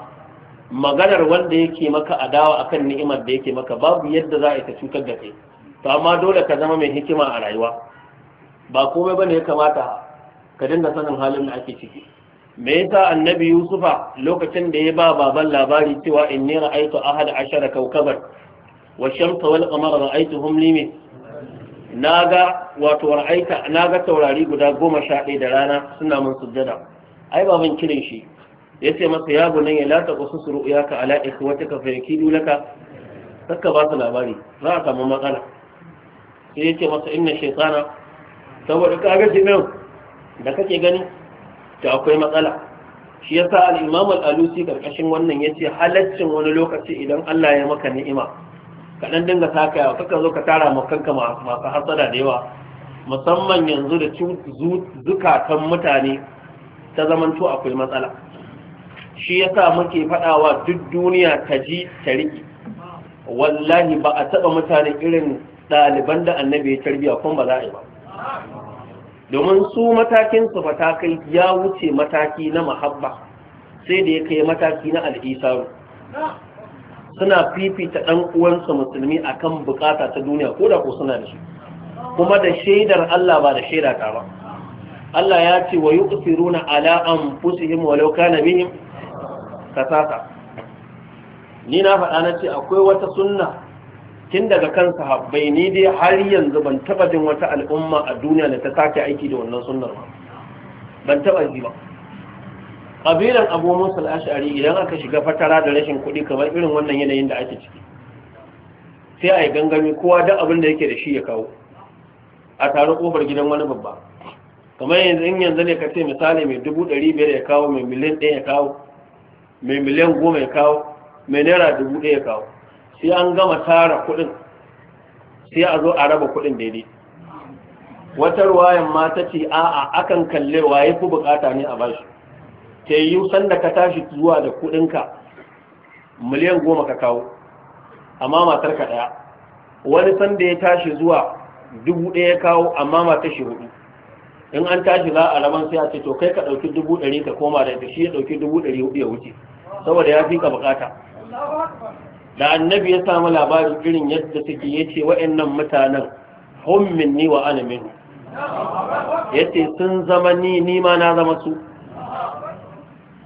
[SPEAKER 1] maganar wanda yake maka adawa akan ni'imar da yake maka babu yadda za a ta cutar da kai to amma dole ka zama mai hikima a rayuwa ba komai bane ya kamata ka dinga sanin halin da ake ciki me yasa annabi yusufa lokacin da ya ba baban labari cewa inni ra'aytu ahad ashara kawkaban wa shamsa wal qamara ra'aytuhum li naga wato ra'aita naga taurari guda goma sha da rana suna mun sujjada ai baban kirin shi yace masa ya gunan ya lata wasu ya ka ala ikhwatika fa yakidu laka sakka ba su labari za a samu matsala sai ya ce masa inna shaitana saboda kaga jimin da kake gani to akwai matsala shi yasa al-imam al-alusi karkashin wannan yace halaccin wani lokaci idan Allah ya maka ni'ima ka dan dinga sakawa kaka zo ka tara ma kanka masu hasada da yawa musamman yanzu da zukatan mutane ta zamanto akwai matsala shi yasa muke fadawa duk duniya ta ji ta riki wallahi ba a taba mutane irin ɗaliban da annabi ya tarbiya kuma ba za a yi ba domin su matakin su matakai ya wuce mataki na mahabba sai da ya kai mataki na al'isaru suna fifita ɗan uwansa musulmi akan bukata ta duniya ko da ko suna da shi kuma da shaidar Allah ba da shaida ta ba Allah ya ce wa yuqsiruna ala anfusihim walau kana bihim kasasa ni na faɗa na ce akwai wata sunna tun daga kan sahabbai ni dai har yanzu ban taba jin wata al'umma a duniya da ta sake aiki da wannan sunnar ba ban taba ji ba kabilan abu musul ash'ari idan aka shiga fatara da rashin kuɗi kamar irin wannan yanayin da ake ciki sai a yi gangami kowa duk abin da yake da shi ya kawo a taron kofar gidan wani babba kamar yanzu in yanzu ne ka ce misali mai dubu ɗari biyar ya kawo mai miliyan ɗaya ya kawo mai miliyan goma ya kawo mai naira dubu ɗaya ya kawo sai an gama tara kuɗin sai a zo a raba kuɗin daidai wata ruwayan ma ta ce a'a akan kalle wa ya fi bukata ne a bashi ta yi sanda ka tashi zuwa da kuɗinka miliyan goma ka kawo amma matar ka ɗaya wani sanda ya tashi zuwa dubu ɗaya kawo amma matar shi hudu in an tashi za a raman sai a ce to kai ka ɗauki dubu ɗari ka koma da ita shi ya ɗauki dubu ɗari hudu ya wuce saboda ya fi ka bukata da annabi ya samu labarin irin yadda suke ya yace wa'annan mutanen hum minni wa alamin Ya ce sun zama ni nima ma na zama su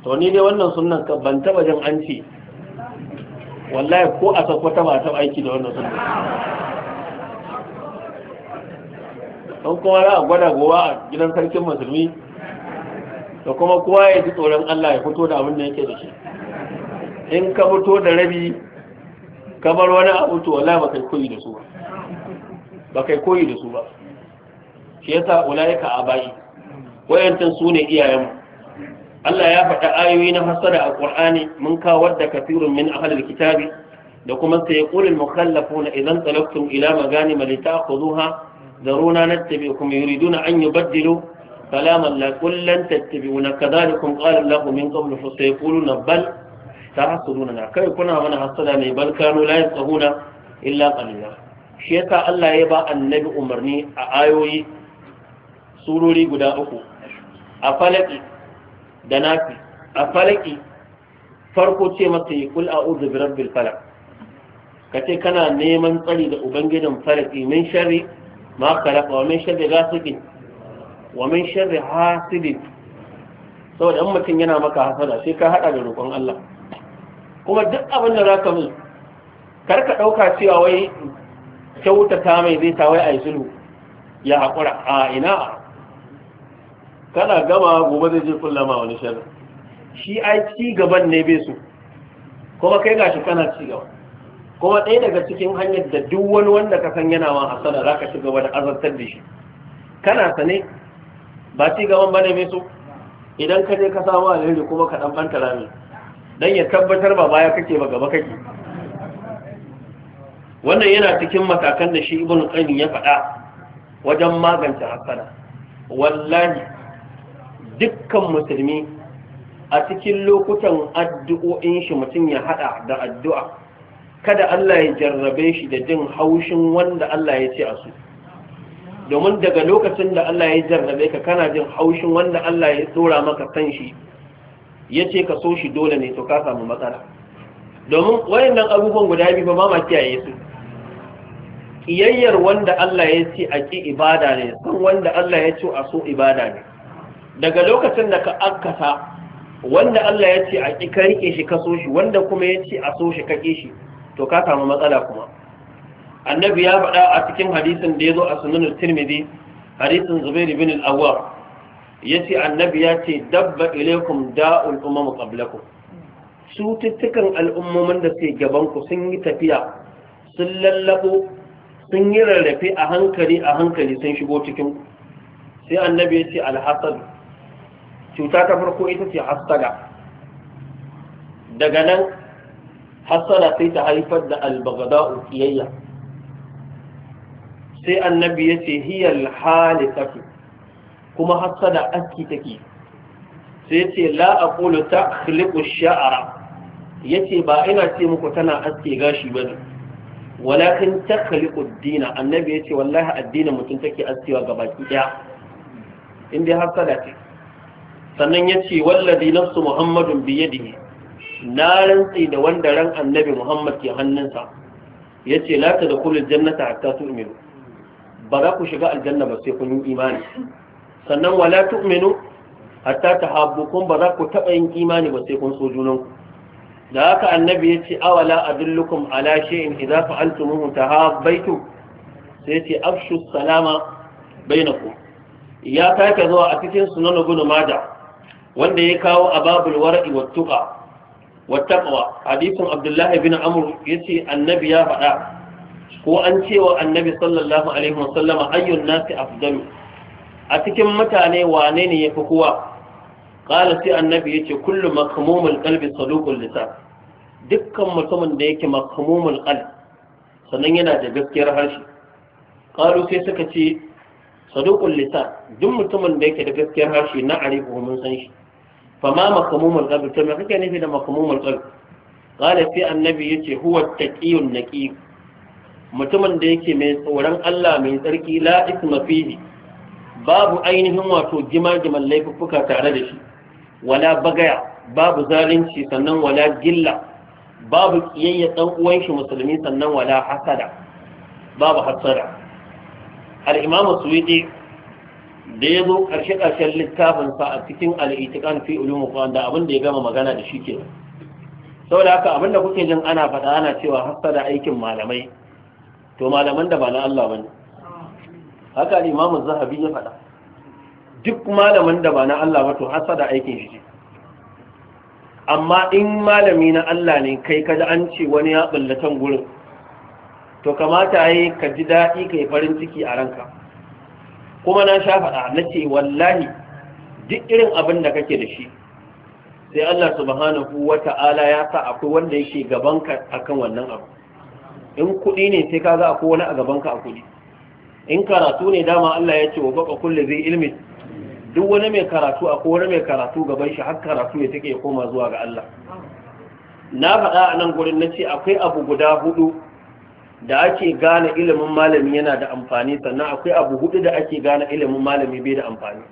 [SPEAKER 1] to ni dai wannan sunan ka ban taba jin an ce wallahi ko a ta ba ta aiki da wannan sunan? don kuma za a gwada gowa a gidan sarkin musulmi da kuma kowa ya ji tsoron Allah ya fito da abin da yake da shi in ka fito da rabi kamar wani abu to wala ba kai koyi da su ba ba kai koyi da su ba shi yasa ulaika abai wayantan su ne iyayenmu Allah ya faɗa ayoyi na hasara a Qur'ani mun kawar da kafirun min ahlil kitabi da kuma sai qulul mukhallafuna idan talaqtum ila maganim lita'khudhuha daruna nattabi'ukum yuriduna an yubaddilu kalaman la kullan tattabi'una kadhalikum qala Allahu min qablu fa sayquluna bal ta hasuruna kai kuna mana hasada mai bal kanu la yasahuna illa qalila shi yasa Allah ya ba annabi umarni a ayoyi sururi guda uku a falaki da nafi a falaki farko ce masa yi kul a'udhu bi rabbil falaq kace kana neman tsari da ubangijin falaki min sharri ma khalaqa wa min sharri ghasiqin wa min sharri hasidin saboda in mutum yana maka hasada sai ka hada da roƙon Allah kuma duk abin da za ka mu kar ka ɗauka cewa wai kyautata mai zai ta wai a yi sulhu ya haƙura a ina kana gama gobe zai je kullama wani shirin shi ai ci gaban ne bai su kuma kai gashi kana ci gaba kuma ɗaya daga cikin hanyar da duk wani wanda ka san yana wani hasana za ka ci gaba da azartar da shi kana sane ba ci gaban ba ne bai so idan ka je ka samu alheri kuma ka ɗan ɓanta rami dan ya tabbatar ba baya kake ba gaba kake wannan yana cikin matakan da shi ibn qayyim ya faɗa wajen magance hasada wallahi dukkan musulmi a cikin lokutan addu'o'in shi mutum ya hada da addu'a kada Allah ya jarrabe shi da jin haushin wanda Allah ya ce a su domin daga lokacin da Allah ya jarrabe ka kana jin haushin wanda Allah ya tsora maka kan shi ya ce ka so shi dole ne to ka samu matsala domin wayannan abubuwan guda biyu ba ma kiyaye su kiyayyar wanda Allah ya ce a ki ibada ne san wanda Allah ya ce a so ibada ne daga lokacin da ka akkasa wanda Allah ya ce a ki ka rike shi ka so shi wanda kuma ya ce a so shi ka ki shi to ka samu matsala kuma annabi ya faɗa a cikin hadisin da ya zo a sunan tirmidhi hadisin zubair bin al-awwam yace annabi yace ce dabba ilaikum da'ul umam qablakum cututtukan al'ummomin da suke gaban ku sun yi tafiya sun lallabo sun yi rarrafe a hankali a hankali sun shigo cikin sai annabi ce alhasad cuta ta farko ita ce hasada daga nan hasada sai ta haifar da albagada'u iyayya. sai annabi yace ce hiyar halittafi kuma hassada aski take sai ce la aqulu ta khliqu sha'ara yace ba ina ce muku tana aske gashi bane walakin ta khliqu dina annabi yace wallahi addinin mutum take askewa gabaki daya inda hassada ce sannan yace wallazi nafsu muhammadun bi yadihi na rantsi da wanda ran annabi muhammad ke hannunsa yace la tadkhulu jannata hatta tu'minu ba za ku shiga aljanna ba sai kun yi imani sannan wala tu'minu hatta tahabbu ba za ku taba yin imani ba sai kun so ku. da haka annabi ya ce awala adullukum ala shay'in idza fa'altumuhu tahabbaitu sai ce afshu salama bainakum ya take zuwa a cikin sunan ibn majah wanda ya kawo ababul war'i wat tuqa wat taqwa hadithun abdullah ibn amr yace annabi ya faɗa ko an cewa annabi sallallahu alaihi wasallama ayyun nasi afdalu a cikin mutane wane ne yafi kowa qala sai annabi yace kullu makhmumul qalbi saduƙun lisan dukkan mutumin da yake makhmumul qalb sannan yana da gaskiyar harshe Ƙalu sai suka ce saduƙun lisan duk mutumin da yake da gaskiyar harshe na arifu mun san shi ma makhmumul qalbi to me kake nufi da makhmumul qalbi qala sai annabi yace huwa taqiyun naqi mutumin da yake mai tsoron Allah mai tsarki la isma fihi babu ainihin wato gima-giman laifuffuka tare da shi wala bagaya babu zalunci sannan wala gilla babu kiyayya dan uwan shi musulmi sannan wala hasada babu hasada al-imamu suwidi da ya zo karshe karshen littafin sa a cikin al-itiqan fi ulum qur'an da abin da ya gama magana da shi kenan saboda haka abin da kuke jin ana faɗa ana cewa hasada aikin malamai to malaman da ba na Allah bane haka limamin zahabi ya faɗa duk malamin da ba na Allah ba to da aikin shi amma in malami na Allah ne kai ka ji an ce wani ya tsallatan gurin to kamata yi ka ji daɗi ka farin ciki a ranka kuma na sha faɗa na ce wallahi duk irin abin da kake da shi sai Allah subhanahu wa ta'ala ya sa akwai wanda yake gabanka akan wannan abu in kuɗi ne sai ka ga akwai wani a gabanka a kuɗi in karatu ne dama Allah ya ce wa baka kulli zai ilmi duk wani mai karatu a wani mai karatu gaban shi har karatu ya take koma zuwa ga Allah na faɗa a nan gurin na ce akwai abu guda hudu da ake gane ilimin malami yana da amfani sannan akwai abu hudu da ake gane ilimin malami bai da amfani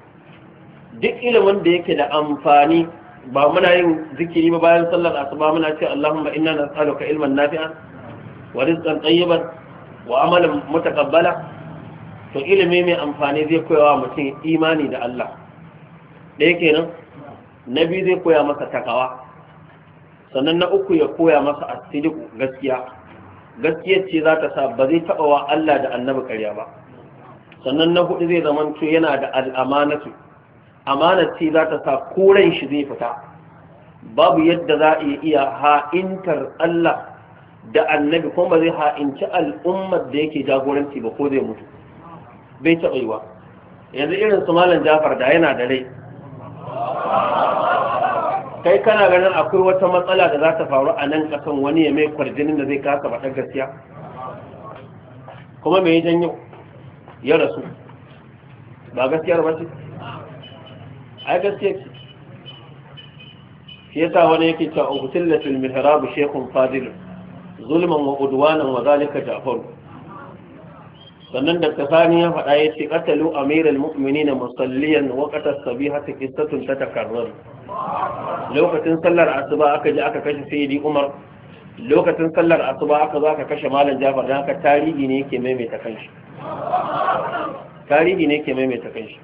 [SPEAKER 1] duk ilimin da yake da amfani ba muna yin zikiri ba bayan sallar asuba muna ce Allahumma inna nas'aluka ilman nafi'an wa rizqan tayyiban wa amalan mutaqabbala to ilimi mai amfani zai koyawa mutum imani da Allah ɗaya kenan na biyu zai koya masa takawa sannan na uku ya koya masa asidiku gaskiya gaskiyar ce za ta sa ba zai taɓa wa Allah da annabi karya ba sannan na hudu zai zama to yana da al'amanatu amanar ce za ta sa koren shi zai fita babu yadda za a iya ha'intar Allah da annabi kuma zai ha'inci al'ummar da yake jagoranci ba ko zai mutu bai taɓa yi yanzu irin su malam jafar da yana da rai kai kana ganin akwai wata matsala da za ta faru a nan kasan wani ya mai kwarjinin da zai kasa ɗan gaskiya kuma mai janyo ya rasu ba gaskiyar ba ce ai gaskiya ce shi yasa wani yake cewa ubutillatul mihrabu shaykhun fadil zulman wa udwanan wa zalika jafaru sannan da kasani ya faɗa ya ce ƙatalu amiral mu'mini na musalliyan waƙatar sabi hata kistatun ta takarar lokacin sallar asuba aka ji aka kashe sayyidi umar lokacin sallar asuba aka zo aka kashe malam jafar don haka tarihi ne ke maimaita kanshi tarihi ne yake maimaita kanshi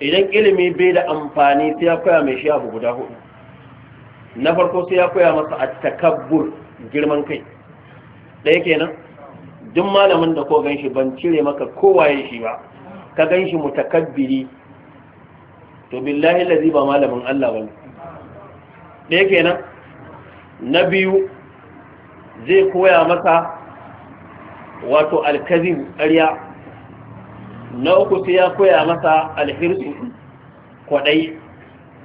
[SPEAKER 1] idan ilimi bai da amfani sai ya koya mai shi abu guda hudu na farko sai ya koya masa a takabbur girman kai ɗaya kenan duk malamin da ko ganshi ban cire maka kowaye shi ba ka ganshi mutakabbiri to billahi lazi ba malamin Allah ba ɗaya kenan na biyu zai koya maka wato alkazib ƙarya na uku sai ya koya masa alhirsu kwaɗai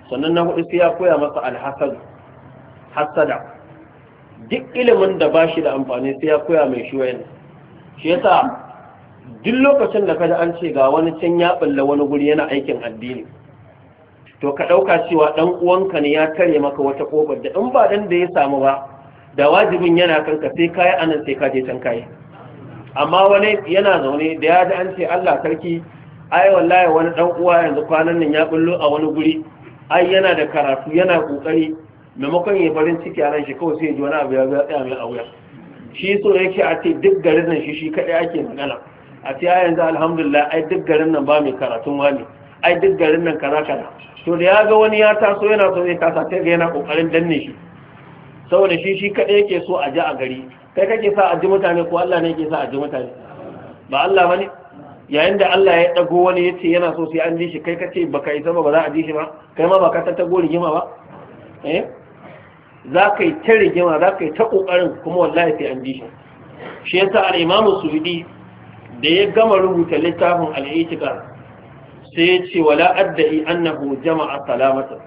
[SPEAKER 1] sannan na hudu sai ya koya masa alhasad hasada duk ilimin da ba shi da amfani sai ya koya mai shi wayan shi yasa duk lokacin da kada an ce ga wani can ya balla wani guri yana aikin addini to ka ɗauka cewa ɗan uwanka ne ya tare maka wata ƙofar da in ba ɗan da ya samu ba da wajibin yana kanka sai kayi anan sai ka je can kayi amma wani yana zaune da ya ji an ce Allah sarki ai wallahi wani ɗan uwa yanzu kwanan nan ya bullo a wani guri ai yana da karatu yana kokari maimakon ya farin ciki a ran shi kawai sai ya ji wani abu ya tsaya mai a wuya shi so yake a ce duk garin nan shi shi kaɗai ake magana a ce yanzu alhamdulillah ai duk garin nan ba mai karatun wani ai duk garin nan kaza kaza to da ya ga wani ya taso yana so zai kasa ta ga yana kokarin danne shi saboda shi shi kaɗai yake so a ji a gari kai kake sa a ji mutane ko Allah ne yake sa a ji mutane ba Allah bane yayin da Allah ya dago wani ya ce yana so sai an ji shi kai kace baka yi sama ba za a ji shi ba kai ma ba ka ta gori gima ba eh za ka yi ta rigima za ka yi ta ƙoƙarin kuma wallahi sai an ji shi shi sa al'imamu suhudi da ya gama rubuta littafin al'itikar sai ya ce wala adda'i annahu jama'a salamata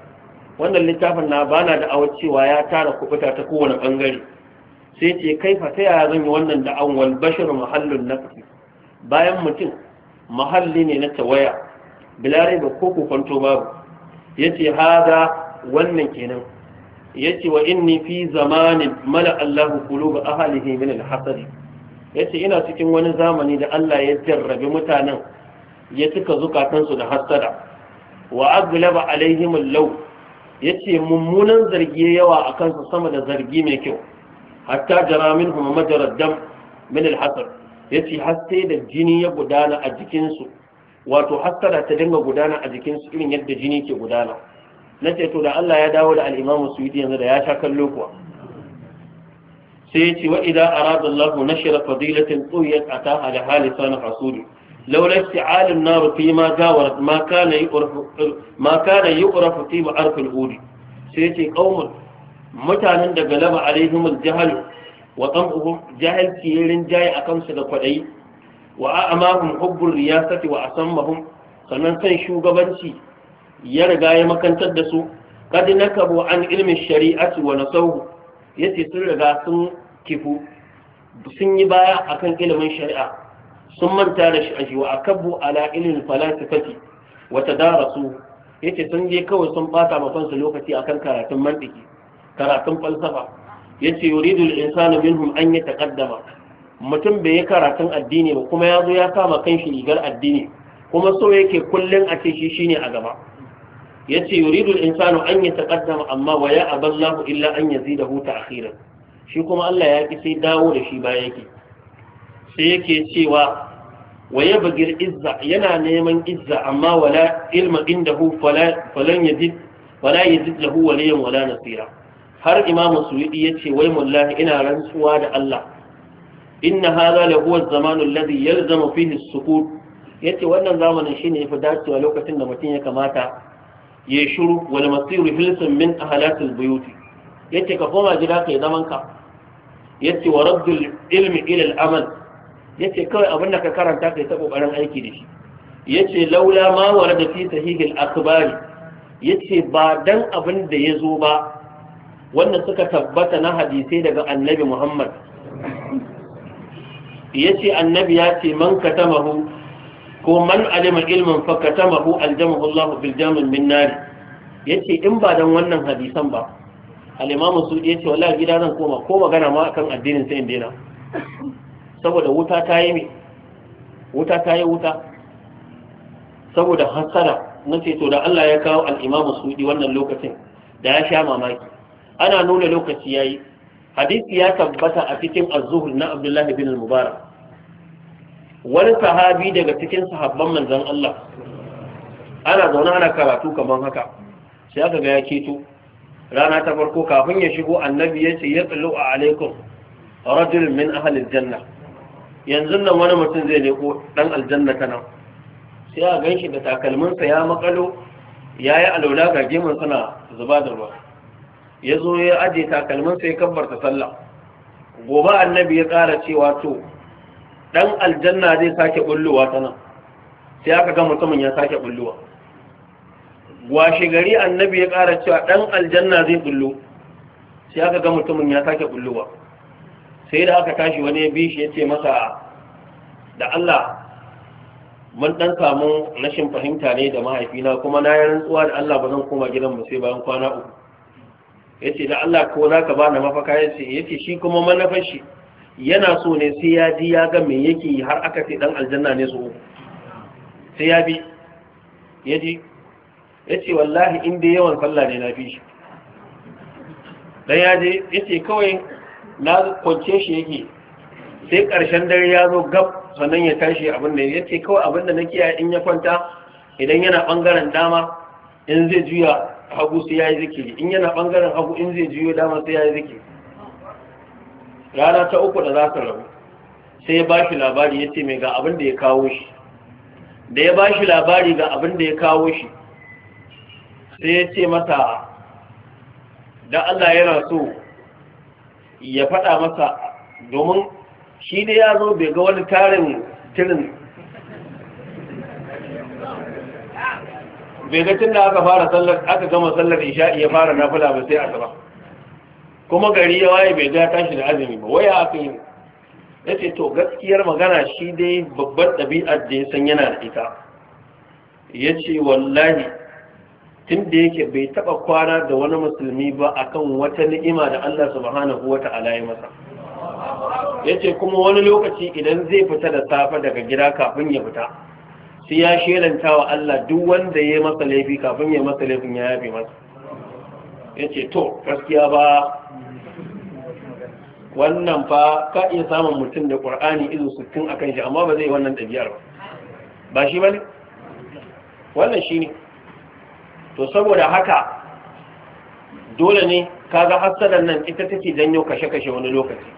[SPEAKER 1] wannan littafin na bana da awa cewa ya tara kubuta ta kowane ɓangare, sai ce kai fa ta yaya zan yi wannan da'an wal bashir na nafsi bayan mutum mahalli ne na tawaya bilare ba ko kwanto babu ya yace hada wannan kenan yace wa inni fi zamanin mala Allahu quluba ahlihi min al-hasad yace ina cikin wani zamani da Allah ya jarrabi mutanen ya cika zukatansu da hasada wa aglaba alaihim al-law yace mummunan zargi yawa akan su sama da zargi mai kyau hatta jara minhum majra dam min al-hasad yace da jini ya gudana a jikinsu wato hasada ta dinga gudana a jikinsu irin yadda jini ke gudana na ce to da Allah ya dawo da al-Imam yanzu da ya sha kallo kuwa sai ya ce wa idan arada na nashra fadilatin tuyat ataha da halisan hasudi لولا استعال النار فيما ma ما كان يعرف ما كان يعرف في معرف الهود ce قوم mutanen da galaba alaihimul jahal wa tamuhum jahal kirin jayi akan su da kwadai wa a'amahum hubbur riyasati wa asammahum sannan san shugabanci ya riga ya makantar da su na kabo an ilmin shari'atu wa nasahu yace sun riga sun kifu sun yi baya akan ilimin shari'a sun manta da shi wa akabu ala ilmin falsafati wa tadarasu yace sun je kawai sun bata mafansu lokaci akan karatun mantiki karatun falsafa yace yuridu al-insanu minhum an yataqaddama mutum bai yi karatun addini ba kuma ya zo ya kama kanshi rigar addini kuma so yake kullun a ce shi shine a gaba ce, yuridu al-insanu an yataqaddama amma wa ya lahu illa an a ta'khiran shi kuma Allah ya ki sai dawo da shi baya yake sai yake cewa wa ya bagir izza yana neman izza amma wala ilma indahu hu? falan yajid wala yajid lahu waliyan wala nasira har imamu ya yace wai mullahi ina rantsuwa da Allah inna hadha la huwa az-zamanu alladhi yalzamu fihi as-sukut yace wannan zamanin shine yafi dacewa lokacin da mutum ya kamata ya shuru wani masiru hilsin min a halatul bayuti ya ce ka koma gida ka yi zaman ka ya wa rabdul ilmi ilil amal ya kawai abinda ka karanta ka yi ta ƙoƙarin aiki da shi ya ce laula ma wa da fi sahihin akbari ya ce ba dan abin da ya zo ba wanda suka tabbata na hadisai daga annabi muhammad ya annabi ya ce man katamahu ko man alima ilmin fakatamahu aljamahu Allah bil jamin min nar yace in ba dan wannan hadisan ba al-Imam Sudi yace wallahi gida zan koma ko magana ma akan addinin sai in daina saboda wuta ta yi wuta ta yi wuta saboda hasara na to da Allah ya kawo al su Sudi wannan lokacin da ya sha mamaki ana nuna lokaci yayi hadisi ya tabbata a cikin az na Abdullah ibn al-Mubarak wani sahabi daga cikin sahabban manzan Allah ana zaune ana karatu kamar haka sai aka ga ya keto rana ta farko kafin ya shigo annabi ya ce ya tsallu a alaikum rajul min ahalil janna yanzu nan wani mutum zai leko dan aljanna ta nan sai a ganshi da takalminsa ya makalo ya yi alaula ga gemun suna zuba da ruwa ya zo ya aje takalminsa ya kabbarta sallah gobe annabi ya kara cewa to dan aljanna zai sake bulluwa ta nan sai aka ga mutumin ya sake bulluwa washe gari annabi ya ƙara cewa dan aljanna zai bullo sai aka ga mutumin ya sake bulluwa sai da aka tashi wani ya bi shi ya ce masa da Allah mun dan samu rashin fahimta ne da mahaifina kuma na yi rantsuwa da Allah ba zan koma gidan ba sai bayan kwana uku yace da Allah ko za ka bani mafaka yace yace shi kuma manafar shi yana so ne sai ya ji ya ga me yake har aka ce dan aljanna ne so sai ya bi ya ji ya ce wallahi in dai yawan sallah ne na fi shi dan ya je ya ce kawai na kwance shi yake sai ƙarshen dare ya zo gab sannan ya tashi abin da ya ce kawai abin da na kiyaye in ya kwanta idan yana ɓangaren dama in zai juya hagu sai ya yi zikiri in yana ɓangaren hagu in zai juyo dama sai ya yi zikiri rana ta uku da za su rabu sai ya ba shi labari ya ce mai ga abin da ya kawo shi da ya ba shi labari ga abin da ya kawo shi sai ya ce mata da Allah yana so ya faɗa masa domin shi da ya zo bai ga wani tarin tirin bai ga tun da aka fara sallar aka gama sallar isha'i ya fara nafula ba sai asuba. kuma gari ya waye bai ja tashi da azumi ba waya aka yi ya ce to gaskiyar magana shi dai babbar ɗabi'ar da ya san yana da ita ya ce wallahi tun da yake bai taɓa kwana da wani musulmi ba akan wata ni'ima da Allah subhanahu wa ta'ala ya masa ya ce kuma wani lokaci idan zai fita da safe daga gida kafin ya fita sai ya shelanta wa Allah duk wanda ya yi masa laifi kafin ya masa laifin ya yafe masa ya ce to gaskiya ba wannan fa ka iya samun mutum da ƙwar'ani izu sittin a kan shi amma ba zai yi wannan ɗabi'ar ba ba shi ba ne wannan shi ne to saboda haka dole ne ga hassadar nan ita take janyo kashe-kashe wani lokaci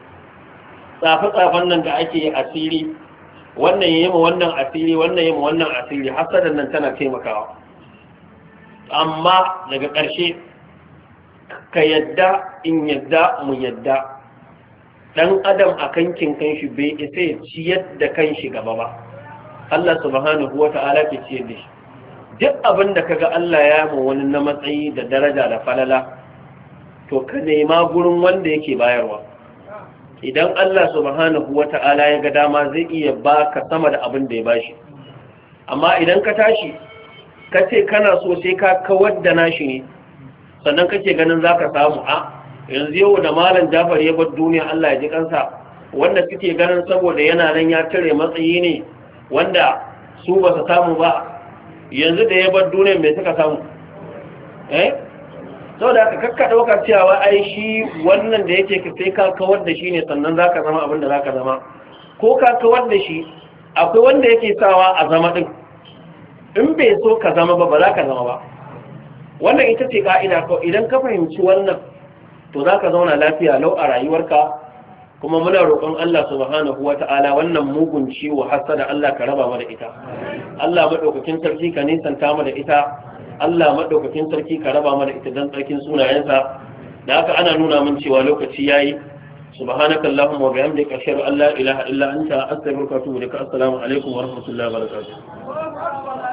[SPEAKER 1] tsafe-tsafen nan da ake asiri wannan yi ma wannan asiri wannan yi wannan asiri hassadar nan tana taimakawa amma daga ƙarshe ka yadda in yadda mu yadda dan adam a kankin kanshi bai isa ya ciyar da kanshi gaba ba Allah subhanahu wata'ala ke ciyar da shi duk abin da kaga Allah ya mu wani na matsayi da daraja da falala to ka nema gurin wanda yake bayarwa idan Allah subhanahu ta'ala) ya ga dama zai iya baka sama da abin da ya bashi amma idan ka tashi ka ce kana so sai ka kawar da nashi ne sannan kake ganin zaka samu a ah, yanzu yau da malam jafar ya bar duniya Allah ya ji kansa wanda suke ganin saboda yana nan ya cire matsayi ne wanda su ba su samu ba yanzu da ya bar duniya mai suka samu eh sau da kakka ɗaukar cewa ai shi wannan da yake kai ka kawar da shi ne sannan za ka zama abin da za ka zama ko ka kawar da shi akwai wanda yake sawa a zama ɗin in bai so ka zama ba ba za ka zama ba wannan ita ce ka'ida ko idan ka fahimci wannan to za ka zauna lafiya lau a rayuwarka kuma muna roƙon Allah subhanahu wa ta'ala wannan mugun ciwo hasada Allah ka raba mu da ita Allah madaukakin sarki ka nisanta mu da ita Allah madaukakin sarki ka raba mu ita dan tsarkin sunayensa da haka ana nuna min cewa lokaci yayi subhanaka allahumma wa bihamdika ashhadu an la ilaha illa anta astaghfiruka wa atubu ilaik assalamu alaikum wa rahmatullahi wa
[SPEAKER 3] barakatuh